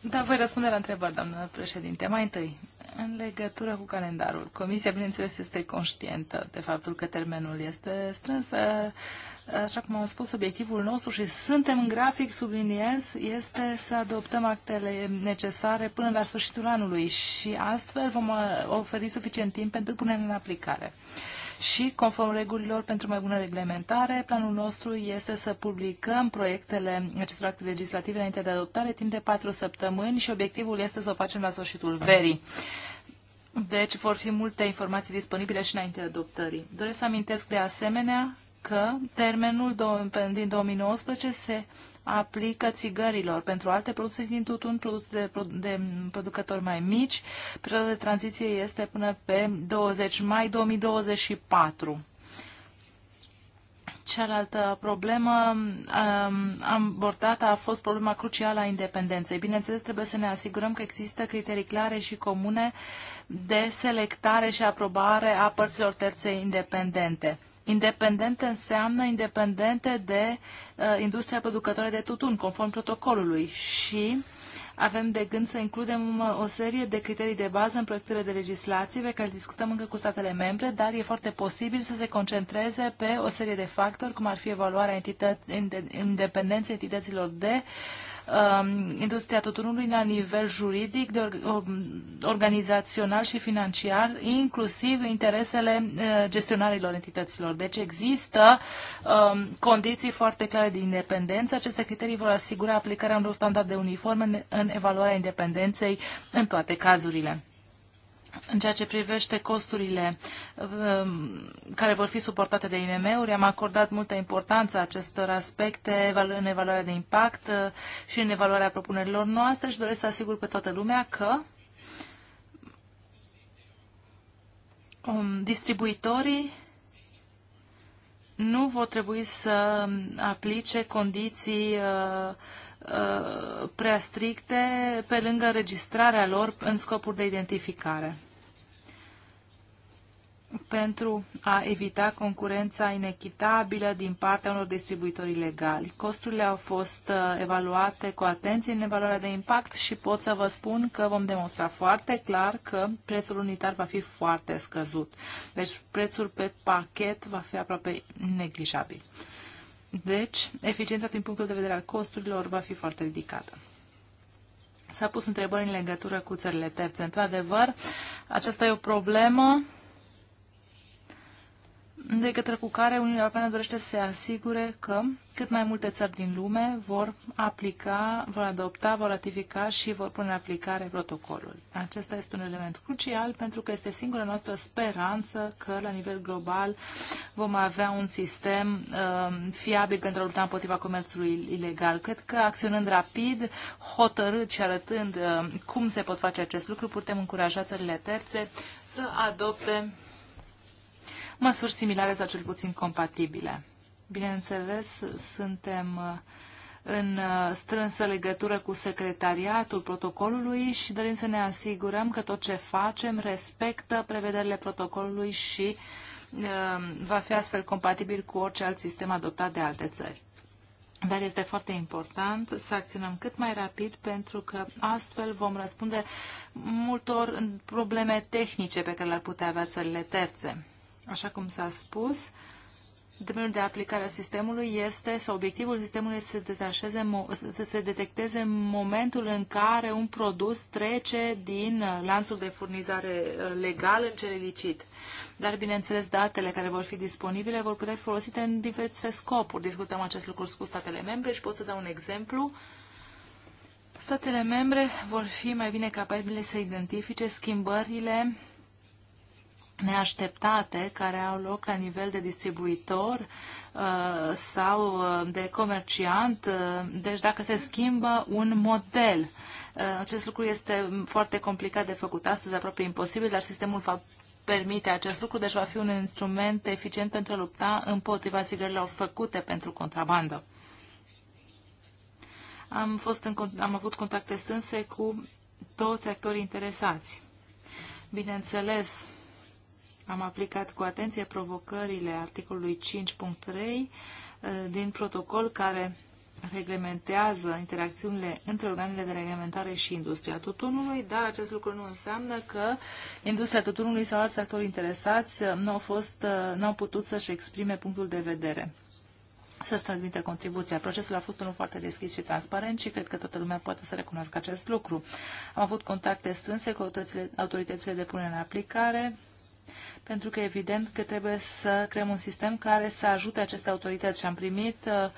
Da, voi răspunde la întrebări, doamnă președinte. Mai întâi, în legătură cu calendarul, Comisia, bineînțeles, este conștientă de faptul că termenul este strâns. Așa cum am spus, obiectivul nostru și suntem în grafic, subliniez, este să adoptăm actele necesare până la sfârșitul anului și astfel vom oferi suficient timp pentru punerea în aplicare și, conform regulilor pentru mai bună reglementare, planul nostru este să publicăm proiectele acestor acte legislative înainte de adoptare timp de patru săptămâni și obiectivul este să o facem la sfârșitul verii. Deci vor fi multe informații disponibile și înainte de adoptării. Doresc să amintesc de asemenea că termenul din 2019 se aplică țigărilor. Pentru alte produse din tutun produse de, de producători mai mici, perioada de tranziție este până pe 20 mai 2024 cealaltă problemă um, abordată a fost problema crucială a independenței. Bineînțeles, trebuie să ne asigurăm că există criterii clare și comune de selectare și aprobare a părților terțe independente. Independente înseamnă independente de uh, industria producătoare de tutun, conform protocolului și avem de gând să includem uh, o serie de criterii de bază în proiectele de legislație pe care le discutăm încă cu statele membre, dar e foarte posibil să se concentreze pe o serie de factori, cum ar fi evaluarea entită- independenței entităților de uh, Um, industria tutunului la nivel juridic, de or, organizațional și financiar, inclusiv interesele uh, gestionarilor entităților. Deci există um, condiții foarte clare de independență. Aceste criterii vor asigura aplicarea unor standarde uniforme în, în evaluarea independenței în toate cazurile. În ceea ce privește costurile um, care vor fi suportate de IMM-uri, am acordat multă importanță acestor aspecte în evaluarea de impact uh, și în evaluarea propunerilor noastre și doresc să asigur pe toată lumea că um, distribuitorii nu vor trebui să aplice condiții uh, Uh, prea stricte pe lângă registrarea lor în scopuri de identificare pentru a evita concurența inechitabilă din partea unor distribuitori legali. Costurile au fost uh, evaluate cu atenție în evaluarea de impact și pot să vă spun că vom demonstra foarte clar că prețul unitar va fi foarte scăzut. Deci prețul pe pachet va fi aproape neglijabil. Deci, eficiența din punctul de vedere al costurilor va fi foarte ridicată. S-a pus întrebări în legătură cu țările terțe. Într-adevăr, aceasta e o problemă de către cu care Uniunea Europeană dorește să se asigure că cât mai multe țări din lume vor aplica, vor adopta, vor ratifica și vor pune în aplicare protocolul. Acesta este un element crucial pentru că este singura noastră speranță că la nivel global vom avea un sistem uh, fiabil pentru a lupta împotriva comerțului ilegal. Cred că acționând rapid, hotărât și arătând uh, cum se pot face acest lucru, putem încuraja țările terțe să adopte măsuri similare sau cel puțin compatibile. Bineînțeles, suntem uh, în uh, strânsă legătură cu secretariatul protocolului și dorim să ne asigurăm că tot ce facem respectă prevederile protocolului și uh, va fi astfel compatibil cu orice alt sistem adoptat de alte țări. Dar este foarte important să acționăm cât mai rapid pentru că astfel vom răspunde multor probleme tehnice pe care le-ar putea avea țările terțe. Așa cum s-a spus, domeniul de aplicare a sistemului este, sau obiectivul sistemului este să, detașeze, să se detecteze momentul în care un produs trece din lanțul de furnizare uh, legal în cel ilicit. Dar, bineînțeles, datele care vor fi disponibile vor putea fi folosite în diverse scopuri. Discutăm acest lucru cu statele membre și pot să dau un exemplu. Statele membre vor fi mai bine capabile să identifice schimbările neașteptate care au loc la nivel de distribuitor uh, sau uh, de comerciant, uh, deci dacă se schimbă un model. Acest lucru este foarte complicat de făcut astăzi, aproape imposibil, dar sistemul va permite acest lucru, deci va fi un instrument eficient pentru a lupta împotriva țigărilor făcute pentru contrabandă. Am, fost în, am avut contacte strânse cu toți actorii interesați. Bineînțeles, am aplicat cu atenție provocările articolului 5.3 eh, din protocol care reglementează interacțiunile între organele de reglementare și industria tutunului, dar acest lucru nu înseamnă că industria tutunului sau alți actori interesați eh, nu au, fost, eh, nu au putut să-și exprime punctul de vedere să-și transmită contribuția. Procesul a fost unul foarte deschis și transparent și cred că toată lumea poate să recunoască acest lucru. Am avut contacte strânse cu autoritățile, autoritățile de punere în aplicare, pentru că evident că trebuie să creăm un sistem care să ajute aceste autorități. Și am primit uh,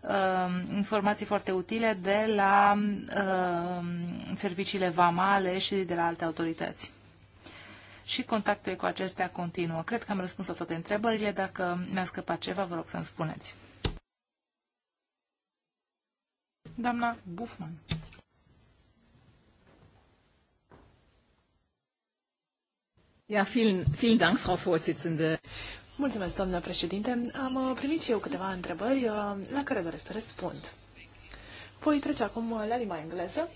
uh, informații foarte utile de la uh, serviciile vamale și de la alte autorități. Și contactele cu acestea continuă. Cred că am răspuns la toate întrebările. Dacă mi-a scăpat ceva, vă rog să-mi spuneți. Doamna Bufman.
Ja, vielen, vielen Dank, Frau Vorsitzende. Mulțumesc, doamnă președinte. Am uh, primit și eu câteva întrebări uh, la care doresc să răspund. Voi trece acum uh, la limba engleză.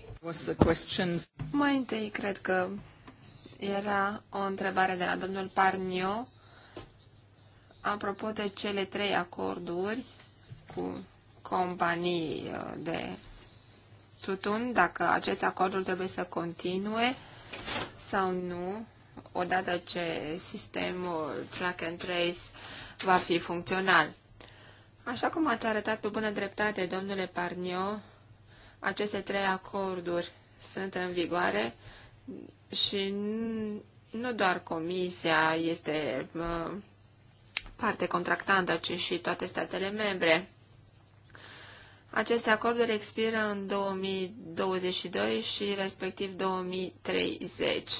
Mai întâi,
cred că era o întrebare de la domnul Parnio apropo de cele trei acorduri cu companii de tutun, dacă aceste acorduri trebuie să continue sau nu odată ce sistemul track and trace va fi funcțional. Așa cum ați arătat pe bună dreptate, domnule Parnio, aceste trei acorduri sunt în vigoare și nu doar Comisia este parte contractantă, ci și toate statele membre. Aceste acorduri expiră în 2022 și respectiv 2030.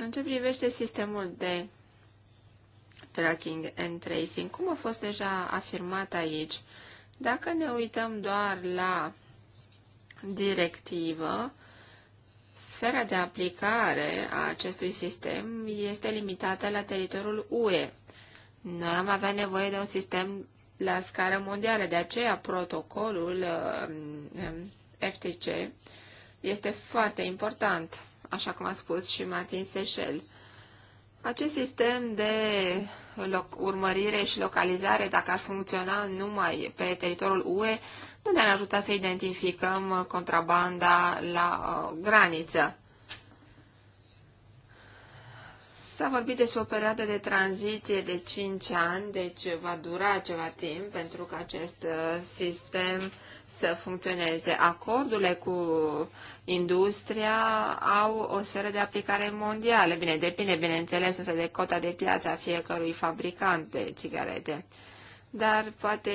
În ce privește sistemul de tracking and tracing, cum a fost deja afirmat aici, dacă ne uităm doar la directivă, sfera de aplicare a acestui sistem este limitată la teritoriul UE. Noi am avea nevoie de un sistem la scară mondială, de aceea protocolul uh, um, FTC este foarte important așa cum a spus și Martin Seșel. Acest sistem de urmărire și localizare, dacă ar funcționa numai pe teritoriul UE, nu ne-ar ajuta să identificăm contrabanda la uh, graniță. S-a vorbit despre o perioadă de tranziție de 5 ani, deci va dura ceva timp pentru că acest uh, sistem să funcționeze. Acordurile cu industria au o sferă de aplicare mondială. Bine, depinde, bineînțeles, însă de cota de piață a fiecărui fabricant de cigarete. Dar poate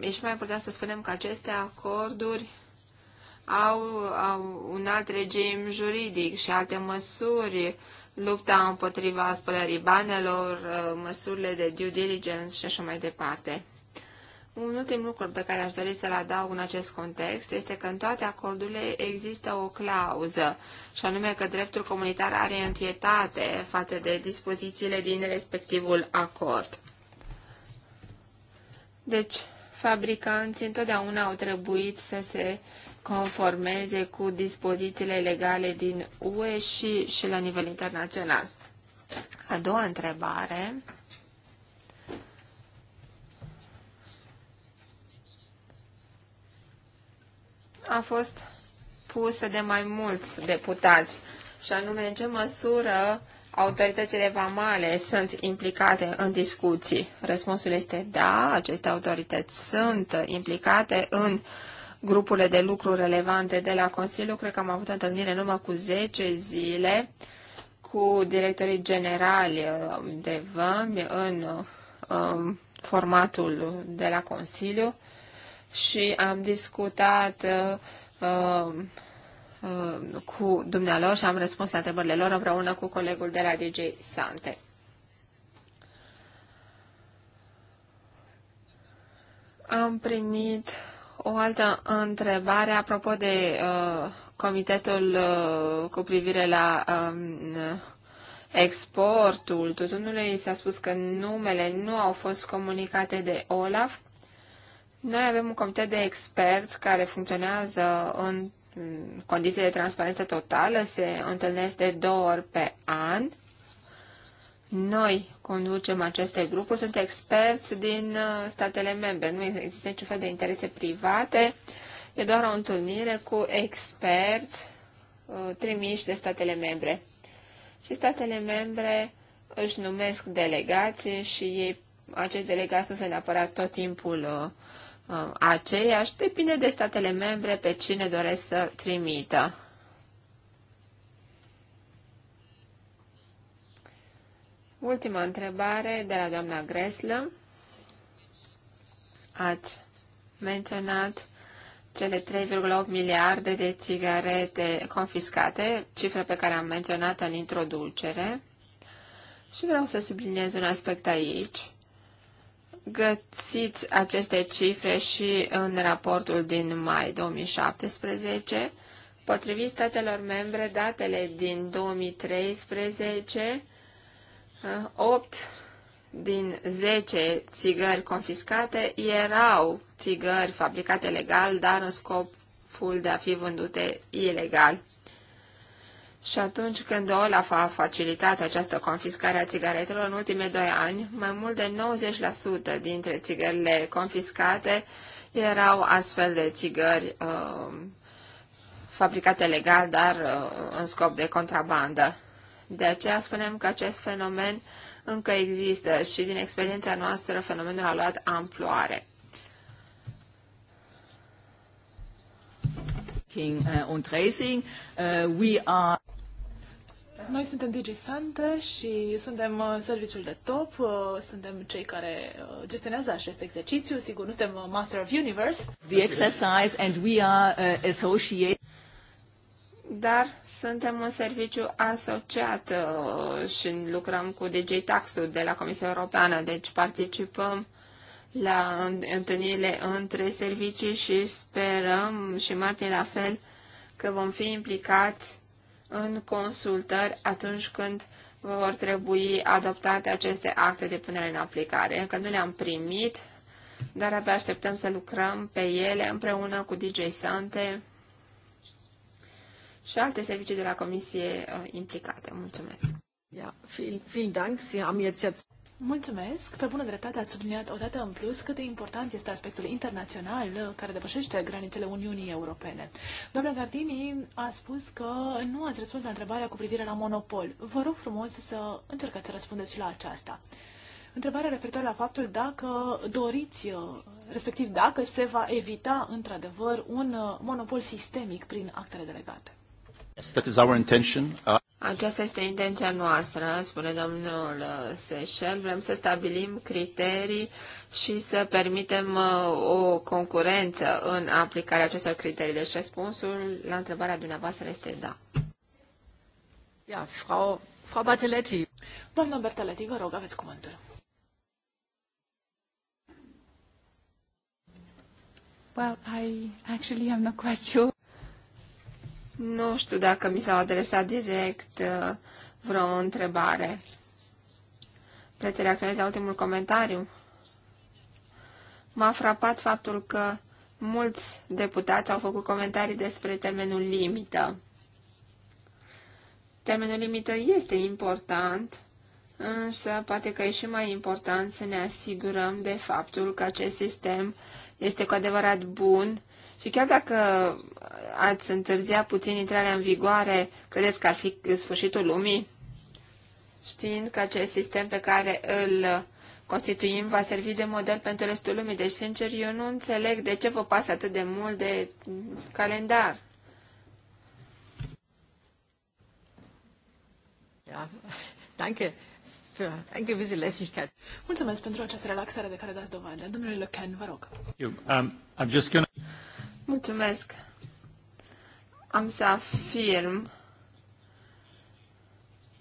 e și mai important să spunem că aceste acorduri au, au un alt regim juridic și alte măsuri lupta împotriva spălării banelor, uh, măsurile de due diligence și așa mai departe. Un ultim lucru pe care aș dori să-l adaug în acest context este că în toate acordurile există o clauză, și anume că dreptul comunitar are întietate față de dispozițiile din respectivul acord. Deci, fabricanții întotdeauna au trebuit să se conformeze cu dispozițiile legale din UE și, și la nivel internațional. A doua întrebare. A fost pusă de mai mulți deputați, și anume în ce măsură autoritățile vamale sunt implicate în discuții. Răspunsul este da, aceste autorități sunt implicate în uh, grupurile de lucru relevante de la Consiliu. Cred că am avut o întâlnire în urmă cu 10 zile cu directorii generali uh, de vămi în um, formatul de la Consiliu și am discutat uh, uh, cu dumnealor și am răspuns la întrebările lor împreună cu colegul de la DJ Sante. Am primit o altă întrebare apropo de uh, comitetul uh, cu privire la um, exportul tutunului. S-a spus că numele nu au fost comunicate de Olaf. Noi avem un comitet de experți care funcționează în condiții de transparență totală, se întâlnesc de două ori pe an. Noi conducem aceste grupuri sunt experți din uh, statele membre. Nu există niciun fel de interese private, e doar o întâlnire cu experți uh, trimiși de statele membre. Și statele membre își numesc delegații și ei, acești delegați nu sunt neapărat tot timpul uh, aceiași, depinde de statele membre pe cine doresc să trimită. Ultima întrebare de la doamna Greslă. Ați menționat cele 3,8 miliarde de țigarete confiscate, cifră pe care am menționat în introducere. Și vreau să subliniez un aspect aici. Găsiți aceste cifre și în raportul din mai 2017. Potrivit statelor membre, datele din 2013 8 din 10 țigări confiscate erau țigări fabricate legal, dar în scopul de a fi vândute ilegal. Și atunci când Olaf a facilitat această confiscare a țigaretelor în ultimii doi ani, mai mult de 90% dintre țigările confiscate erau astfel de țigări uh, fabricate legal, dar uh, în scop de contrabandă. De aceea spunem că acest fenomen încă există și din experiența noastră fenomenul a luat amploare.
Uh, uh, we are
noi suntem DJ Santa și suntem uh, serviciul de top, suntem cei care gestionează acest exercițiu, sigur, nu suntem Master of Universe. The exercise
and we are associated
dar
suntem un serviciu asociat uh, și lucrăm cu Digitaxul de la Comisia Europeană, deci participăm la întâlnirile între servicii și sperăm și martie la fel că vom fi implicați în consultări atunci când vor trebui adoptate aceste acte de punere în aplicare. Încă nu le-am primit, dar abia așteptăm să lucrăm pe ele împreună cu DJ Sante și alte servicii de la Comisie uh, implicate. Mulțumesc!
Ja, vielen, Dank.
Sie haben jetzt
Mulțumesc! Pe bună dreptate ați subliniat odată în plus cât de important este aspectul internațional uh, care depășește granițele Uniunii Europene. Doamna Gardini a spus că nu ați răspuns la întrebarea cu privire la monopol. Vă rog frumos să încercați să răspundeți și la aceasta. Întrebarea referitoare la faptul dacă doriți, uh, respectiv dacă se va evita într-adevăr un monopol sistemic prin actele delegate. Yes, that is our intention. Uh...
Aceasta este intenția noastră, spune domnul Seșel. Vrem să stabilim criterii și să permitem uh, o concurență în aplicarea acestor criterii. Deci răspunsul la întrebarea dumneavoastră este da.
Ja, Frau, Frau Barteletti. Doamna Bertaletti, vă rog, aveți cuvântul.
Well, I actually am not quite sure. Nu știu dacă mi s-au adresat direct uh, vreo întrebare. Vreți să reacționez la ultimul comentariu? M-a frapat faptul că mulți deputați au făcut comentarii despre termenul limită. Termenul limită este important, însă poate că e și mai important să ne asigurăm de faptul că acest sistem este cu adevărat bun și chiar dacă ați întârzia puțin intrarea în vigoare, credeți că ar fi sfârșitul lumii? Știind că acest sistem pe care îl constituim va servi de model pentru restul lumii. Deci, sincer, eu nu înțeleg de ce vă pasă atât de mult de calendar.
Ja, danke für eine gewisse Lässigkeit. Mulțumesc pentru această relaxare de care dați dovadă. Domnule Le Pen, vă rog. Eu, um, I'm just gonna... Mulțumesc. Am să afirm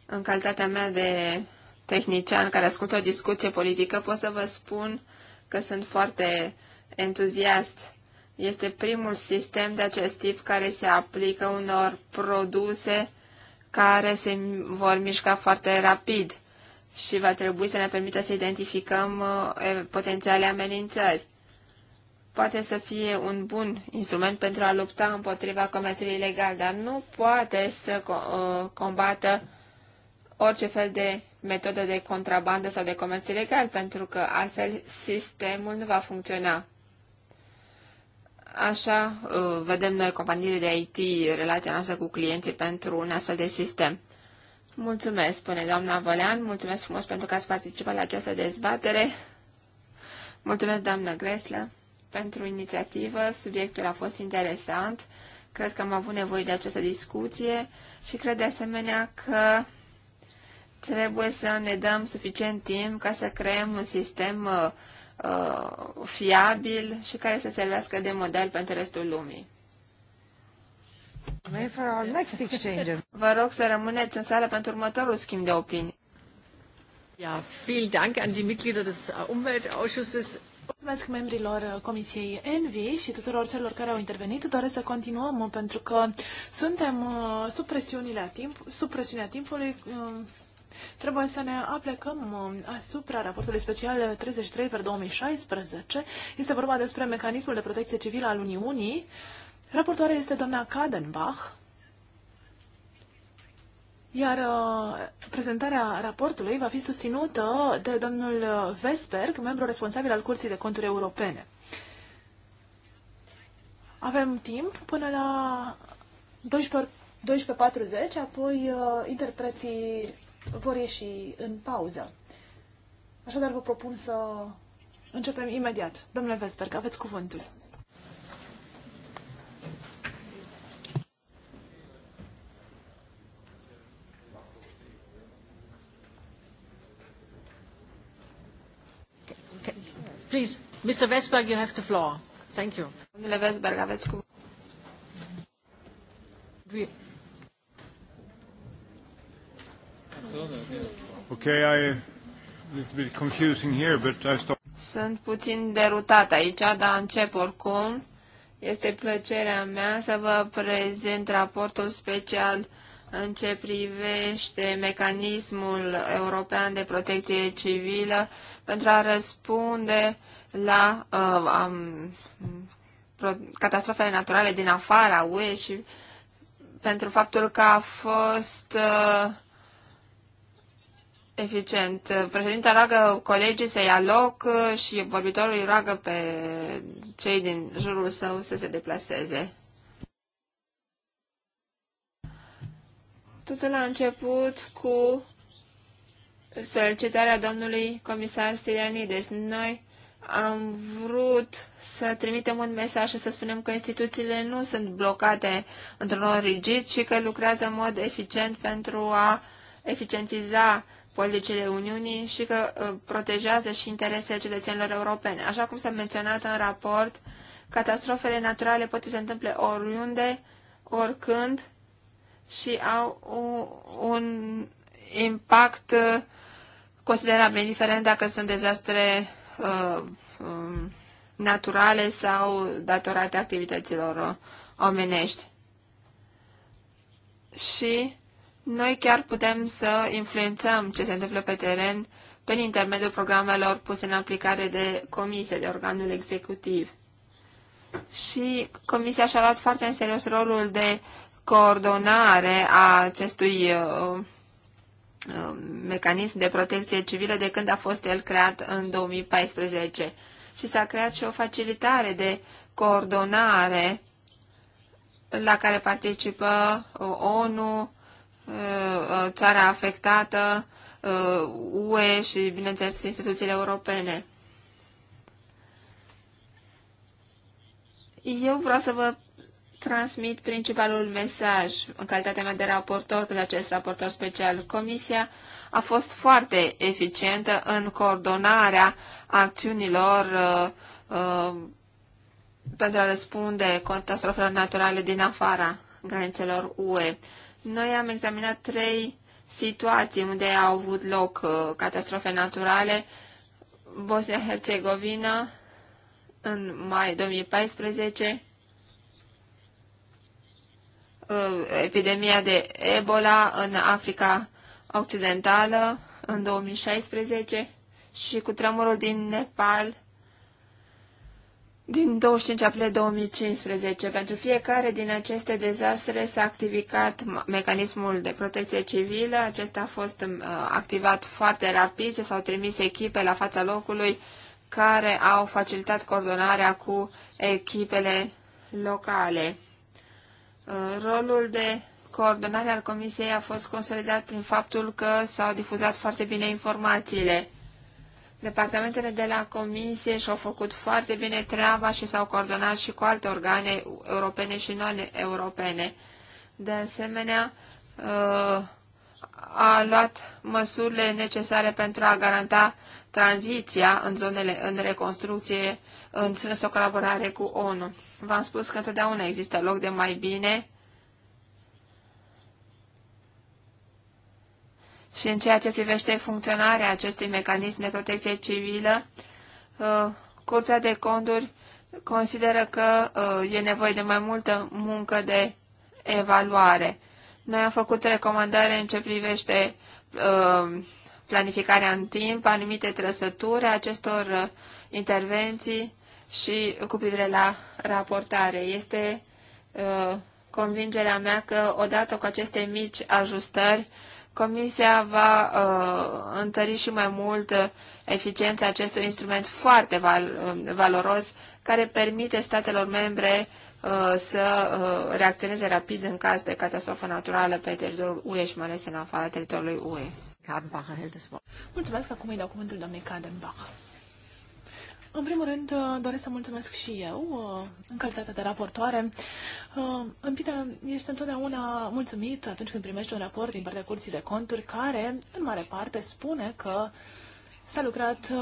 în calitatea mea de tehnician care ascultă o discuție politică, pot să vă spun că sunt foarte entuziast. Este primul sistem de acest tip care se aplică unor produse care se vor mișca foarte rapid și va trebui să ne permită să identificăm uh, potențiale amenințări poate să fie un bun instrument pentru a lupta împotriva comerțului ilegal, dar nu poate să uh, combată orice fel de metodă de contrabandă sau de comerț ilegal, pentru că altfel sistemul nu va funcționa. Așa uh, vedem noi companiile de IT relația noastră cu clienții pentru un astfel de sistem. Mulțumesc, spune doamna Vălean, mulțumesc frumos pentru că ați participat la această dezbatere. Mulțumesc, doamnă Greslă pentru inițiativă. Subiectul a fost interesant. Cred că am avut nevoie de această discuție și cred de asemenea că trebuie să ne dăm suficient timp ca să creăm un sistem uh, uh fiabil și care să servească de model pentru restul lumii. Vă rog să rămâneți în sală pentru următorul schimb de opinii. Ja, vielen
Dank an die Mitglieder des Umweltausschusses. Mulțumesc membrilor Comisiei Envi și tuturor celor care au intervenit. Doresc să continuăm pentru că suntem uh, sub, presiunile timp, sub presiunea timpului. Uh, trebuie să ne aplecăm uh, asupra raportului special 33 pe 2016. Este vorba despre mecanismul de protecție civilă al Uniunii. Raportoarea este doamna Kadenbach. Iar uh, prezentarea raportului va fi susținută de domnul Vesberg, membru responsabil al Curții de Conturi Europene. Avem timp până la 12.40, 12 apoi uh, interpreții vor ieși în pauză. Așadar vă propun să începem imediat. Domnule Vesberg, aveți cuvântul.
Please, Mr. Vesberg, you have the floor. Thank
you. Domnule Vesberg, aveți cuvânt.
Okay, I it's a bit confusing here, but I stop.
Sunt puțin derutat aici, dar încep oricum. Este plăcerea mea să vă prezint raportul special în ce privește mecanismul european de protecție civilă pentru a răspunde la uh, um, catastrofele naturale din afara UE și pentru faptul că a fost uh, eficient. Președinta roagă colegii să ia loc uh, și vorbitorul îi roagă pe cei din jurul său să se deplaseze. Totul a început cu solicitarea domnului comisar Stilianides. Noi am vrut să trimitem un mesaj și să spunem că instituțiile nu sunt blocate într-un mod rigid și că lucrează în mod eficient pentru a eficientiza politicile Uniunii și că uh, protejează și interesele cetățenilor europene. Așa cum s-a menționat în raport, catastrofele naturale pot să se întâmple oriunde, oricând și au un impact uh, considerabil, indiferent dacă sunt dezastre uh, um, naturale sau datorate activităților uh, omenești. Și noi chiar putem să influențăm ce se întâmplă pe teren prin intermediul programelor puse în aplicare de comisie, de organul executiv. Și comisia și-a luat foarte în serios rolul de coordonare a acestui uh, uh, mecanism de protecție civilă de când a fost el creat în 2014 și s-a creat și o facilitare de coordonare la care participă uh, ONU, țara afectată, UE și, bineînțeles, instituțiile europene. Eu vreau să vă transmit principalul mesaj în calitatea mea de raportor pe acest raportor special. Comisia a fost foarte eficientă în coordonarea acțiunilor uh, uh, pentru a răspunde catastrofelor naturale din afara granițelor UE. Noi am examinat trei situații unde au avut loc uh, catastrofe naturale. Bosnia-Herzegovina în mai 2014, Uh, epidemia de Ebola în Africa Occidentală în 2016 și cu tremurul din Nepal din 25 aprilie 2015. Pentru fiecare din aceste dezastre s-a activat mecanismul de protecție civilă. Acesta a fost uh, activat foarte rapid și s-au trimis echipe la fața locului care au facilitat coordonarea cu echipele locale. Rolul de coordonare al Comisiei a fost consolidat prin faptul că s-au difuzat foarte bine informațiile. Departamentele de la Comisie și-au făcut foarte bine treaba și s-au coordonat și cu alte organe europene și non-europene. De asemenea, uh, a luat măsurile necesare pentru a garanta tranziția în zonele în reconstrucție în o colaborare cu ONU. V-am spus că întotdeauna există loc de mai bine și în ceea ce privește funcționarea acestui mecanism de protecție civilă, uh, Curtea de Conduri consideră că uh, e nevoie de mai multă muncă de evaluare. Noi am făcut recomandări în ce privește uh, planificarea în timp, anumite trăsături acestor intervenții și cu privire la raportare. Este uh, convingerea mea că odată cu aceste mici ajustări, Comisia va uh, întări și mai mult eficiența acestui instrument foarte val, uh, valoros care permite statelor membre uh, să uh, reacționeze rapid în caz de catastrofă naturală pe teritoriul UE și mai ales în afara teritoriului UE.
Mulțumesc, acum îi dau cuvântul doamnei Kadenbach. În primul rând, uh, doresc să mulțumesc și eu, uh, în calitate de raportoare. Uh, în bine, ești întotdeauna mulțumit atunci când primești un raport din partea Curții de Conturi, care, în mare parte, spune că s-a lucrat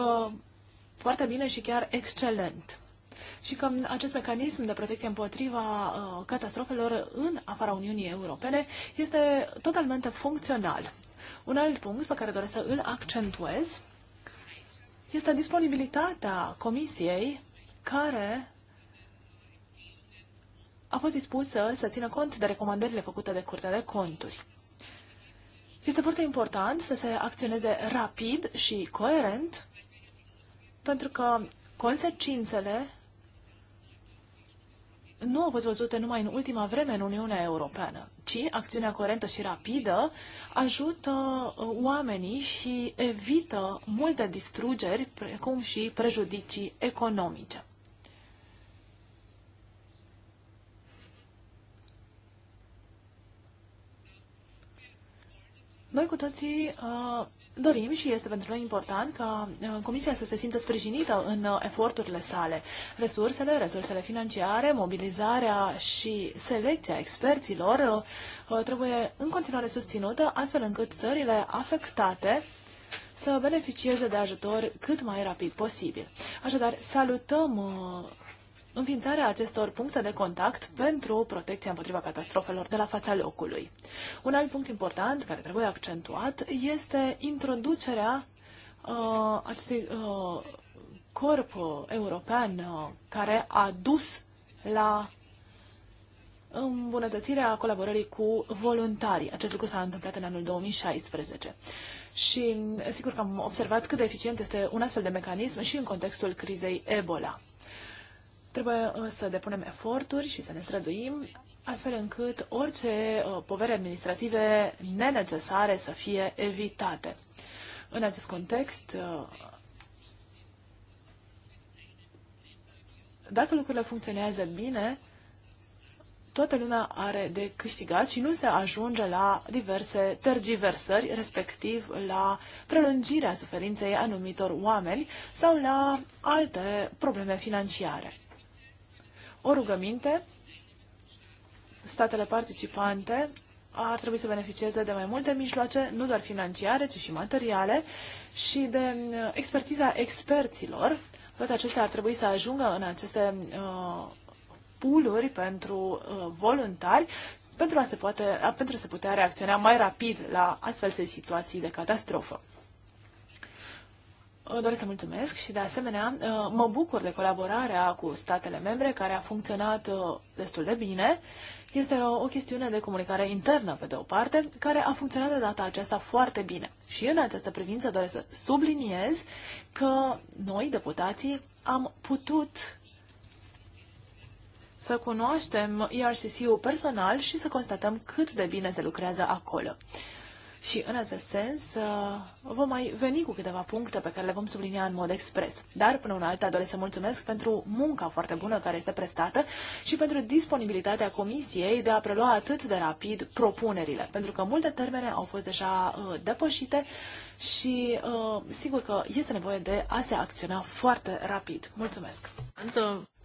foarte bine și chiar excelent. Și că acest mecanism de protecție împotriva catastrofelor în afara Uniunii Europene este totalmente funcțional. Un alt punct pe care doresc să îl accentuez este disponibilitatea Comisiei care a fost dispusă să țină cont de recomandările făcute de Curtea de Conturi. Este foarte important să se acționeze rapid și coerent, pentru că consecințele nu au fost văzute numai în ultima vreme în Uniunea Europeană, ci acțiunea corentă și rapidă ajută uh, oamenii și evită multe distrugeri, precum și prejudicii economice. Noi cu toții uh, dorim și este pentru noi important ca uh, Comisia să se simtă sprijinită în uh, eforturile sale. Resursele, resursele financiare, mobilizarea și selecția experților uh, trebuie în continuare susținută, astfel încât țările afectate să beneficieze de ajutor cât mai rapid posibil. Așadar, salutăm înființarea acestor puncte de contact pentru protecția împotriva catastrofelor de la fața locului. Un alt punct important care trebuie accentuat este introducerea uh, acestui uh, corp uh, european uh, care a dus la îmbunătățirea colaborării cu voluntarii. Acest lucru s-a întâmplat în anul 2016. Și sigur că am observat cât de eficient este un astfel de mecanism și în contextul crizei Ebola. Trebuie uh, să depunem eforturi și să ne străduim astfel încât orice uh, povere administrative nenecesare să fie evitate. În acest context, uh, dacă lucrurile funcționează bine, toată lumea are de câștigat și nu se ajunge la diverse tergiversări, respectiv la prelungirea suferinței anumitor oameni sau la alte probleme financiare. O rugăminte, statele participante ar trebui să beneficieze de mai multe mijloace, nu doar financiare, ci și materiale, și de uh, expertiza experților. Toate acestea ar trebui să ajungă în aceste uh, puluri pentru uh, voluntari, pentru a, se poate, pentru a se putea reacționa mai rapid la astfel de situații de catastrofă doresc să mulțumesc și, de asemenea, uh, mă bucur de colaborarea cu statele membre, care a funcționat uh, destul de bine. Este o chestiune de comunicare internă, pe de o parte, care a funcționat de data aceasta foarte bine. Și în această privință doresc să subliniez că noi, deputații, am putut să cunoaștem IRCC-ul personal și să constatăm cât de bine se lucrează acolo. Și în acest sens uh, vom mai veni cu câteva puncte pe care le vom sublinia în mod expres. Dar până una alta doresc să mulțumesc pentru munca foarte bună care este prestată și pentru disponibilitatea Comisiei de a prelua atât de rapid propunerile, pentru că multe termene au fost deja uh, depășite și uh, sigur că este nevoie de a se acționa foarte rapid. Mulțumesc!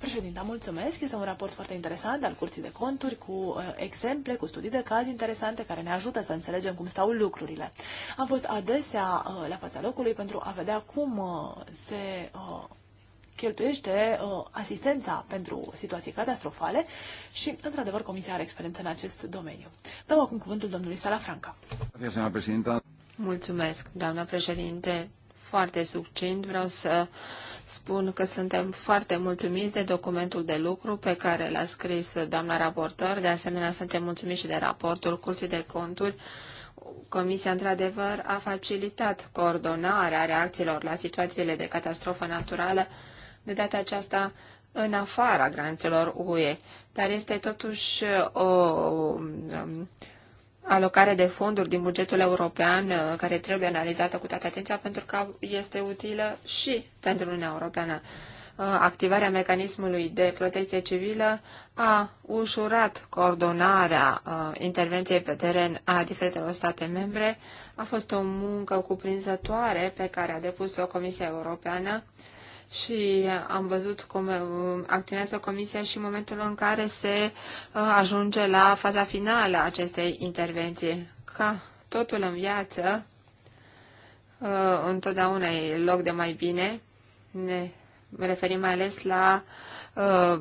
Președinta, mulțumesc. Este un raport foarte interesant al Curții de Conturi, cu uh, exemple, cu studii de caz interesante care ne ajută să înțelegem cum stau lucrurile. Am fost adesea uh, la fața locului pentru a vedea cum uh, se uh, cheltuiește uh, asistența pentru situații catastrofale și, într-adevăr, Comisia are experiență în acest domeniu. Dăm acum cuvântul domnului Salafranca. Mulțumesc, doamna președinte. Foarte
succint. Vreau să spun că suntem foarte mulțumiți de documentul de lucru pe care l-a scris doamna raportor. De asemenea, suntem mulțumiți și de raportul Curții de Conturi. Comisia, într-adevăr, a facilitat coordonarea reacțiilor la situațiile de catastrofă naturală, de data aceasta în afara granițelor UE, dar este totuși o, um, alocare de fonduri din bugetul european uh, care trebuie analizată cu toată atenția pentru că este utilă și pentru Uniunea Europeană. Uh, activarea mecanismului de protecție civilă a ușurat coordonarea uh, intervenției pe teren a diferitelor state membre. A fost o muncă cuprinzătoare pe care a depus-o Comisia Europeană și am văzut cum um, acționează Comisia și în momentul în care se uh, ajunge la faza finală a acestei intervenții. Ca totul în viață, uh, întotdeauna e loc de mai bine. Ne referim mai ales la uh,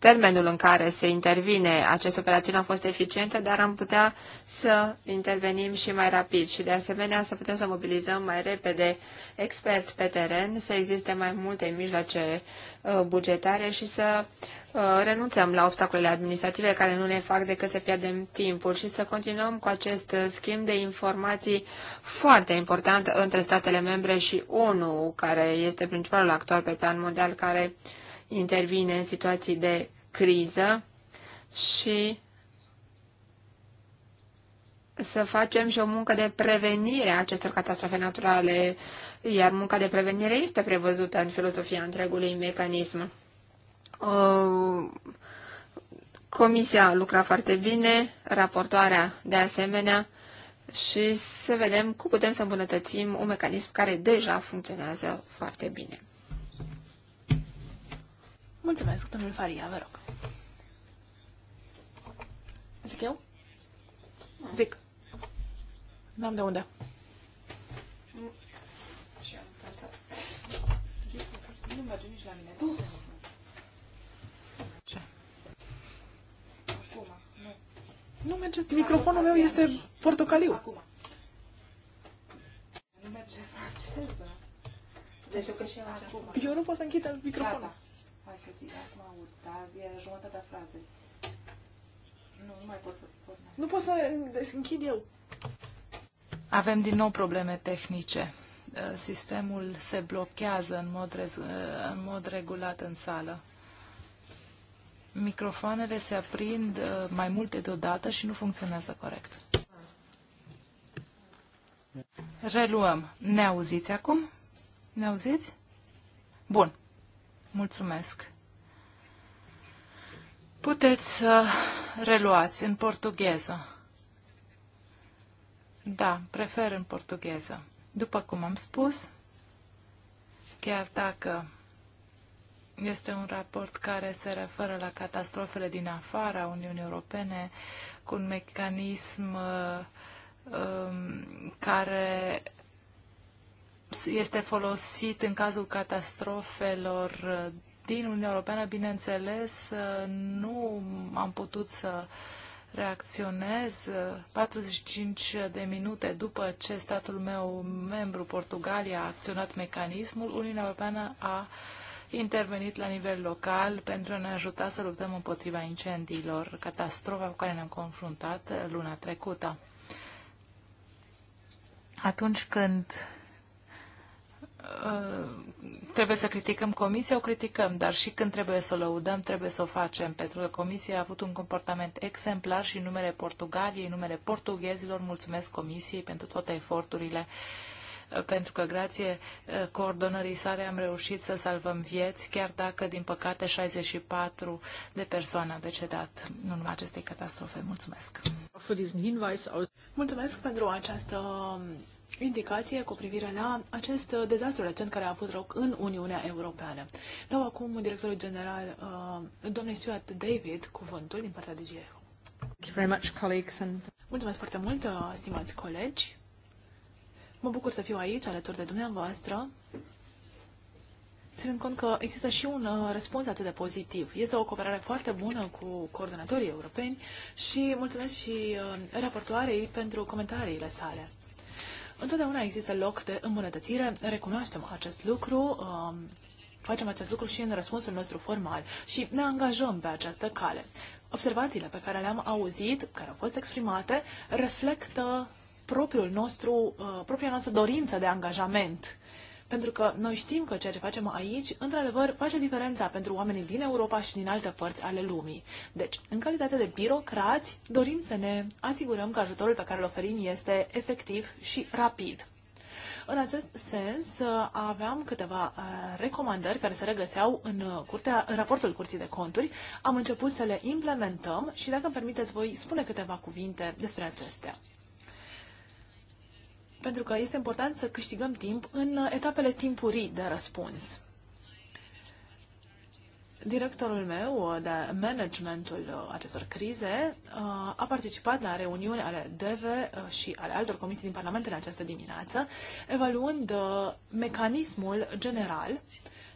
termenul în care se intervine. această operațiune a fost eficientă, dar am putea să intervenim și mai rapid și de asemenea să putem să mobilizăm mai repede experți pe teren, să existe mai multe mijloace uh, bugetare și să uh, renunțăm la obstacolele administrative care nu ne fac decât să pierdem timpul și să continuăm cu acest uh, schimb de informații foarte important între statele membre și ONU, care este principalul actor pe plan mondial care uh, intervine în situații de criză și să facem și o muncă de prevenire a acestor catastrofe naturale, iar munca de prevenire este prevăzută în filozofia întregului mecanism. Comisia a lucrat foarte bine, raportoarea de asemenea, și să vedem cum putem să îmbunătățim un mecanism care deja funcționează foarte bine.
Mulțumesc, domnul Faria, vă rog. Zic eu? Zic. Nu am de unde. nu merge nici la mine. Ce? Acum, nu. Nu merge. Microfonul meu este portocaliu. Acum.
Nu merge franceză. Deci eu că și
eu Eu nu pot să închid microfonul.
Haideți, azi acum aud, dar e jumătatea frazei. Nu, nu mai pot să pornesc.
Nu pot să deschid
eu. Avem din nou probleme tehnice. Uh, sistemul se blochează în mod, uh, în mod regulat în sală. Microfoanele se aprind uh, mai multe deodată și nu funcționează corect. Reluăm. Ne auziți acum? Ne auziți? Bun. Mulțumesc. Puteți să reluați în portugheză. Da, prefer în portugheză. După cum am spus, chiar dacă este un raport care se referă la catastrofele din afara Uniunii Europene, cu un mecanism uh, um, care este folosit în cazul catastrofelor din Uniunea Europeană, bineînțeles, nu am putut să reacționez 45 de minute după ce statul meu membru, Portugalia, a acționat mecanismul, Uniunea Europeană a intervenit la nivel local pentru a ne ajuta să luptăm împotriva incendiilor, catastrofa cu care ne-am confruntat luna trecută. Atunci când Uh, trebuie să criticăm comisia, o criticăm, dar și când trebuie să o lăudăm, trebuie să o facem, pentru că comisia a avut un comportament exemplar și în numele Portugaliei, în numele portughezilor, mulțumesc comisiei pentru toate eforturile uh, pentru că grație uh, coordonării sale am reușit să salvăm vieți, chiar dacă, din păcate, 64 de persoane au decedat în urma acestei catastrofe. Mulțumesc!
Mulțumesc pentru această indicație cu privire la acest dezastru recent care a avut loc în Uniunea Europeană. Dau acum directorul general, uh, domnul Stuart David, cuvântul din partea DGECO. Thank and... Mulțumesc foarte mult, uh, stimați colegi. Mă bucur să fiu aici, alături de dumneavoastră, ținând cont că există și un uh, răspuns atât de pozitiv. Este o cooperare foarte bună cu coordonatorii europeni și mulțumesc și uh, raportoarei pentru comentariile sale întotdeauna există loc de îmbunătățire, recunoaștem acest lucru, um, facem acest lucru și în răspunsul nostru formal și ne angajăm pe această cale. Observațiile pe care le-am auzit, care au fost exprimate, reflectă propriul nostru, uh, propria noastră dorință de angajament pentru că noi știm că ceea ce facem aici, într-adevăr, face diferența pentru oamenii din Europa și din alte părți ale lumii. Deci, în calitate de birocrați, dorim să ne asigurăm că ajutorul pe care îl oferim este efectiv și rapid. În acest sens, aveam câteva uh, recomandări care se regăseau în, uh, curtea, în raportul Curții de Conturi. Am început să le implementăm și, dacă îmi permiteți, voi spune câteva cuvinte despre acestea pentru că este important să câștigăm timp în uh, etapele timpurii de răspuns. Directorul meu uh, de managementul uh, acestor crize a participat la reuniuni ale DEVE și ale altor comisii din Parlament în această dimineață, evaluând mecanismul general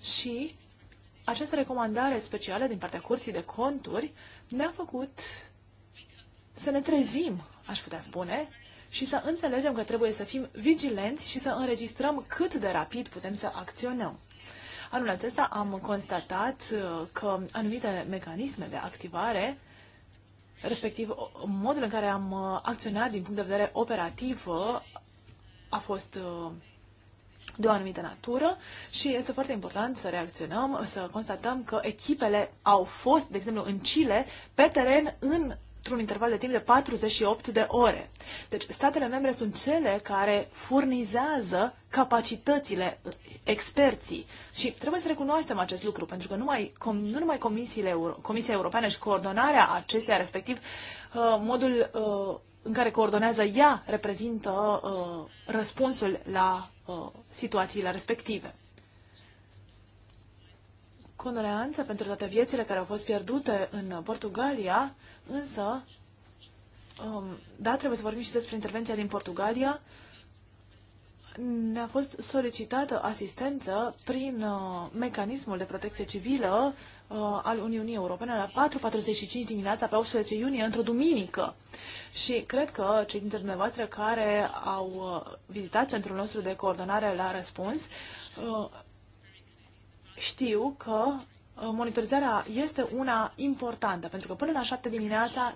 și această recomandare specială din partea Curții de Conturi ne-a făcut să ne trezim, aș putea spune, și să înțelegem că trebuie să fim vigilenți și să înregistrăm cât de rapid putem să acționăm. Anul acesta am constatat uh, că anumite mecanisme de activare, respectiv modul în care am uh, acționat din punct de vedere operativ, a fost uh, de o anumită natură și este foarte important să reacționăm, să constatăm că echipele au fost, de exemplu, în Chile, pe teren în într-un interval de timp de 48 de ore. Deci statele membre sunt cele care furnizează capacitățile uh, experții și trebuie să recunoaștem acest lucru, pentru că numai, com, nu numai comisiile Euro, Comisia Europeană și coordonarea acesteia, respectiv uh, modul uh, în care coordonează ea, reprezintă răspunsul la situațiile respective condoleanțe pentru toate viețile care au fost pierdute în Portugalia, însă, um, da, trebuie să vorbim și despre intervenția din Portugalia. Ne-a fost solicitată asistență prin uh, mecanismul de protecție civilă uh, al Uniunii Europene la 4.45 dimineața pe 18 iunie, într-o duminică. Și cred că cei dintre dumneavoastră care au uh, vizitat centrul nostru de coordonare la răspuns uh, știu că uh, monitorizarea este una importantă, pentru că până la șapte dimineața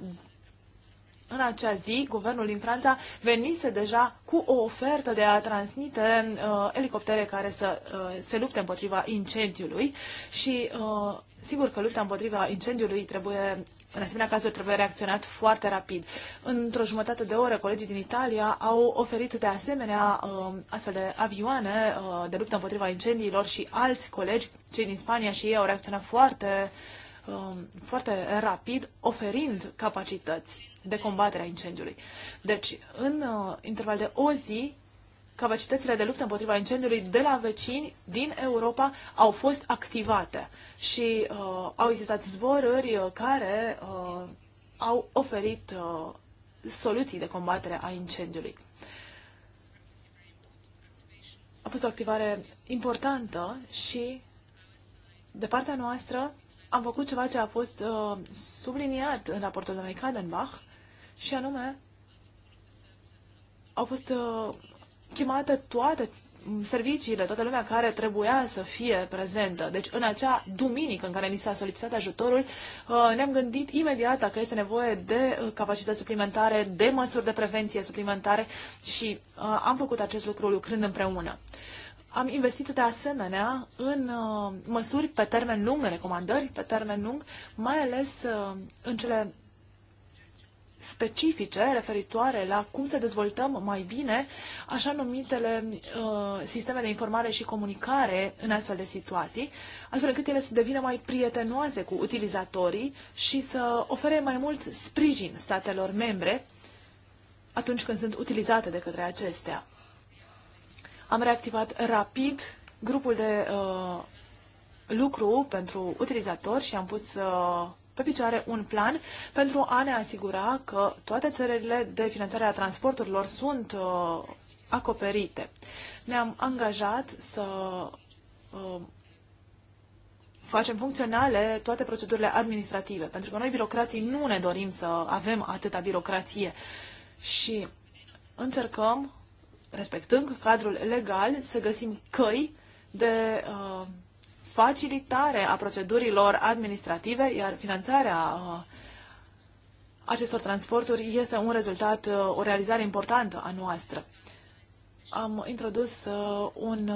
în acea zi, guvernul din Franța venise deja cu o ofertă de a transmite uh, elicoptere care să uh, se lupte împotriva incendiului și uh, sigur că lupta împotriva incendiului trebuie în asemenea cazuri trebuie reacționat foarte rapid. Într-o jumătate de oră, colegii din Italia au oferit de asemenea um, astfel de avioane uh, de luptă împotriva incendiilor și alți colegi, cei din Spania și ei, au reacționat foarte, um, foarte rapid, oferind capacități de combatere a incendiului. Deci, în uh, interval de o zi, capacitățile de luptă împotriva incendiului de la vecini din Europa au fost activate și uh, au existat zboruri uh, care uh, au oferit uh, soluții de combatere a incendiului. A fost o activare importantă și de partea noastră am făcut ceva ce a fost uh, subliniat în raportul domnului Kadenbach și anume au fost uh, chemate toate serviciile, toată lumea care trebuia să fie prezentă. Deci în acea duminică în care ni s-a solicitat ajutorul, uh, ne-am gândit imediat că este nevoie de uh, capacități suplimentare, de măsuri de prevenție suplimentare și uh, am făcut acest lucru lucrând împreună. Am investit de asemenea în măsuri pe termen lung, în recomandări pe termen lung, mai ales în cele specifice referitoare la cum să dezvoltăm mai bine așa numitele uh, sisteme de informare și comunicare în astfel de situații, astfel încât ele să devină mai prietenoase cu utilizatorii și să ofere mai mult sprijin statelor membre atunci când sunt utilizate de către acestea. Am reactivat rapid grupul de uh, lucru pentru utilizatori și am pus uh, pe picioare un plan pentru a ne asigura că toate cererile de finanțare a transporturilor sunt uh, acoperite. Ne-am angajat să uh, facem funcționale toate procedurile administrative, pentru că noi birocrații nu ne dorim să avem atâta birocrație și încercăm, respectând cadrul legal, să găsim căi de uh, facilitare a procedurilor administrative, iar finanțarea uh, acestor transporturi este un rezultat, uh, o realizare importantă a noastră. Am introdus uh, un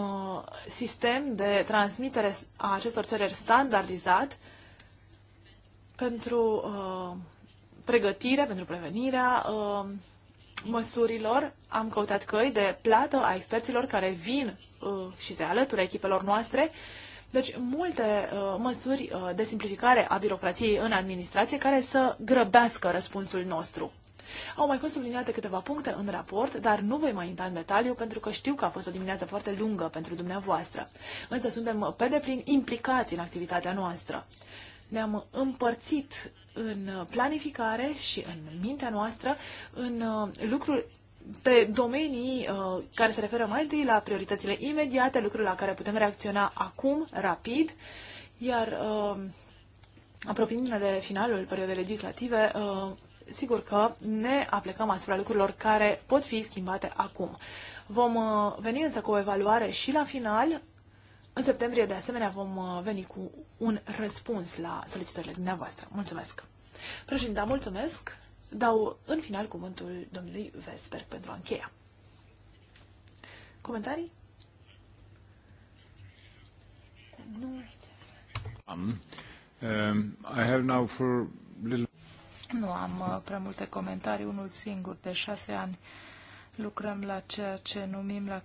sistem de transmitere a acestor cereri standardizat pentru pregătire, pentru prevenirea măsurilor. Am căutat căi de plată a experților care vin și se alătură echipelor noastre deci multe uh, măsuri uh, de simplificare a birocrației în administrație care să grăbească răspunsul nostru. Au mai fost subliniate câteva puncte în raport, dar nu voi mai intra în detaliu pentru că știu că a fost o dimineață foarte lungă pentru dumneavoastră. Însă suntem pe deplin implicați în activitatea noastră. Ne-am împărțit în planificare și în mintea noastră în uh, lucruri pe domenii uh, care se referă mai întâi la prioritățile imediate, lucruri la care putem reacționa acum, rapid, iar uh, apropiindu-ne de finalul perioadei legislative, uh, sigur că ne aplicăm asupra lucrurilor care pot fi schimbate acum. Vom uh, veni însă cu o evaluare și la final. În septembrie, de asemenea, vom uh, veni cu un răspuns la solicitările dumneavoastră. Mulțumesc! Președinte, mulțumesc! dau în final cuvântul domnului Vesper pentru a încheia. Comentarii? Nu.
Am. Um, um, I have now
for little...
Nu am uh, prea multe comentarii, unul singur. De șase ani lucrăm la ceea ce numim la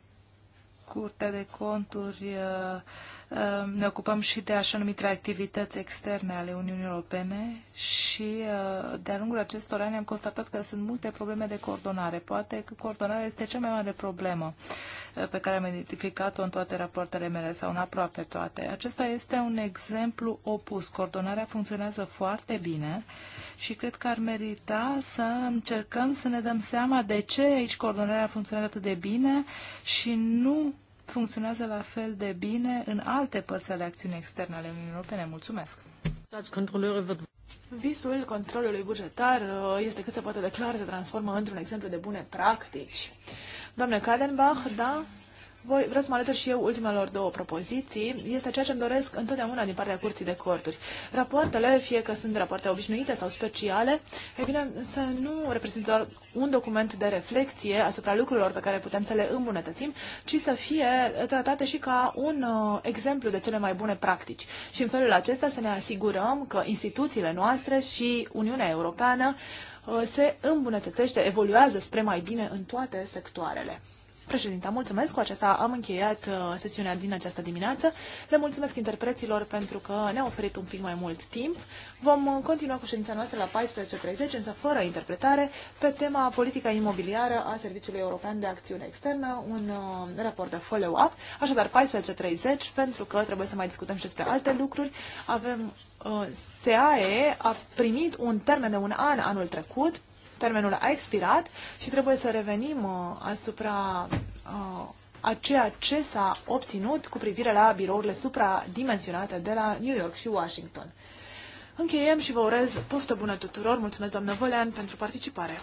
Curtea de Conturi uh, Ehm, ne ocupăm și de așa numitele activități externe ale Uniunii Europene și eh, de-a lungul acestor ani am constatat că sunt multe probleme de coordonare. Poate că coordonarea este cea mai mare problemă eh, pe care am identificat-o în toate rapoartele mele sau în aproape toate. Acesta este un exemplu opus. Coordonarea funcționează foarte bine și cred că ar merita să încercăm să ne dăm seama de ce aici coordonarea funcționează atât de bine și nu funcționează la fel de
bine în
alte părți ale acțiunii externe ale Uniunii Europene. Mulțumesc!
Visul controlului bugetar uh, este cât se poate de clar, se transformă într-un exemplu de bune practici. Doamne Kadenbach, da, voi, vreau să mă alătur și eu ultimelor două propoziții. Este ceea ce îmi doresc întotdeauna din partea Curții de Corturi. Rapoartele, fie că sunt rapoarte obișnuite sau speciale, e bine să nu reprezintă doar un document de reflexie asupra lucrurilor pe care putem să le îmbunătățim, ci să fie tratate și ca un uh, exemplu de cele mai bune practici. Și în felul acesta să ne asigurăm că instituțiile noastre și Uniunea Europeană uh, se îmbunătățește, evoluează spre mai bine în toate sectoarele. Președinta, mulțumesc. Cu acesta am încheiat uh, sesiunea din această dimineață. Le mulțumesc interpreților pentru că ne-au oferit un pic mai mult timp. Vom uh, continua cu ședința noastră la 14.30, însă fără interpretare, pe tema politica imobiliară a Serviciului European de Acțiune Externă, un uh, raport de follow-up. Așadar, 14.30, pentru că trebuie să mai discutăm și despre alte lucruri. Avem Cae SAE a primit un termen de un an anul trecut termenul a expirat și trebuie să revenim uh, asupra uh, a ceea ce s-a obținut cu privire la birourile supradimensionate de la New York și Washington. Încheiem și vă urez poftă bună tuturor. Mulțumesc, doamnă Volean, pentru participare.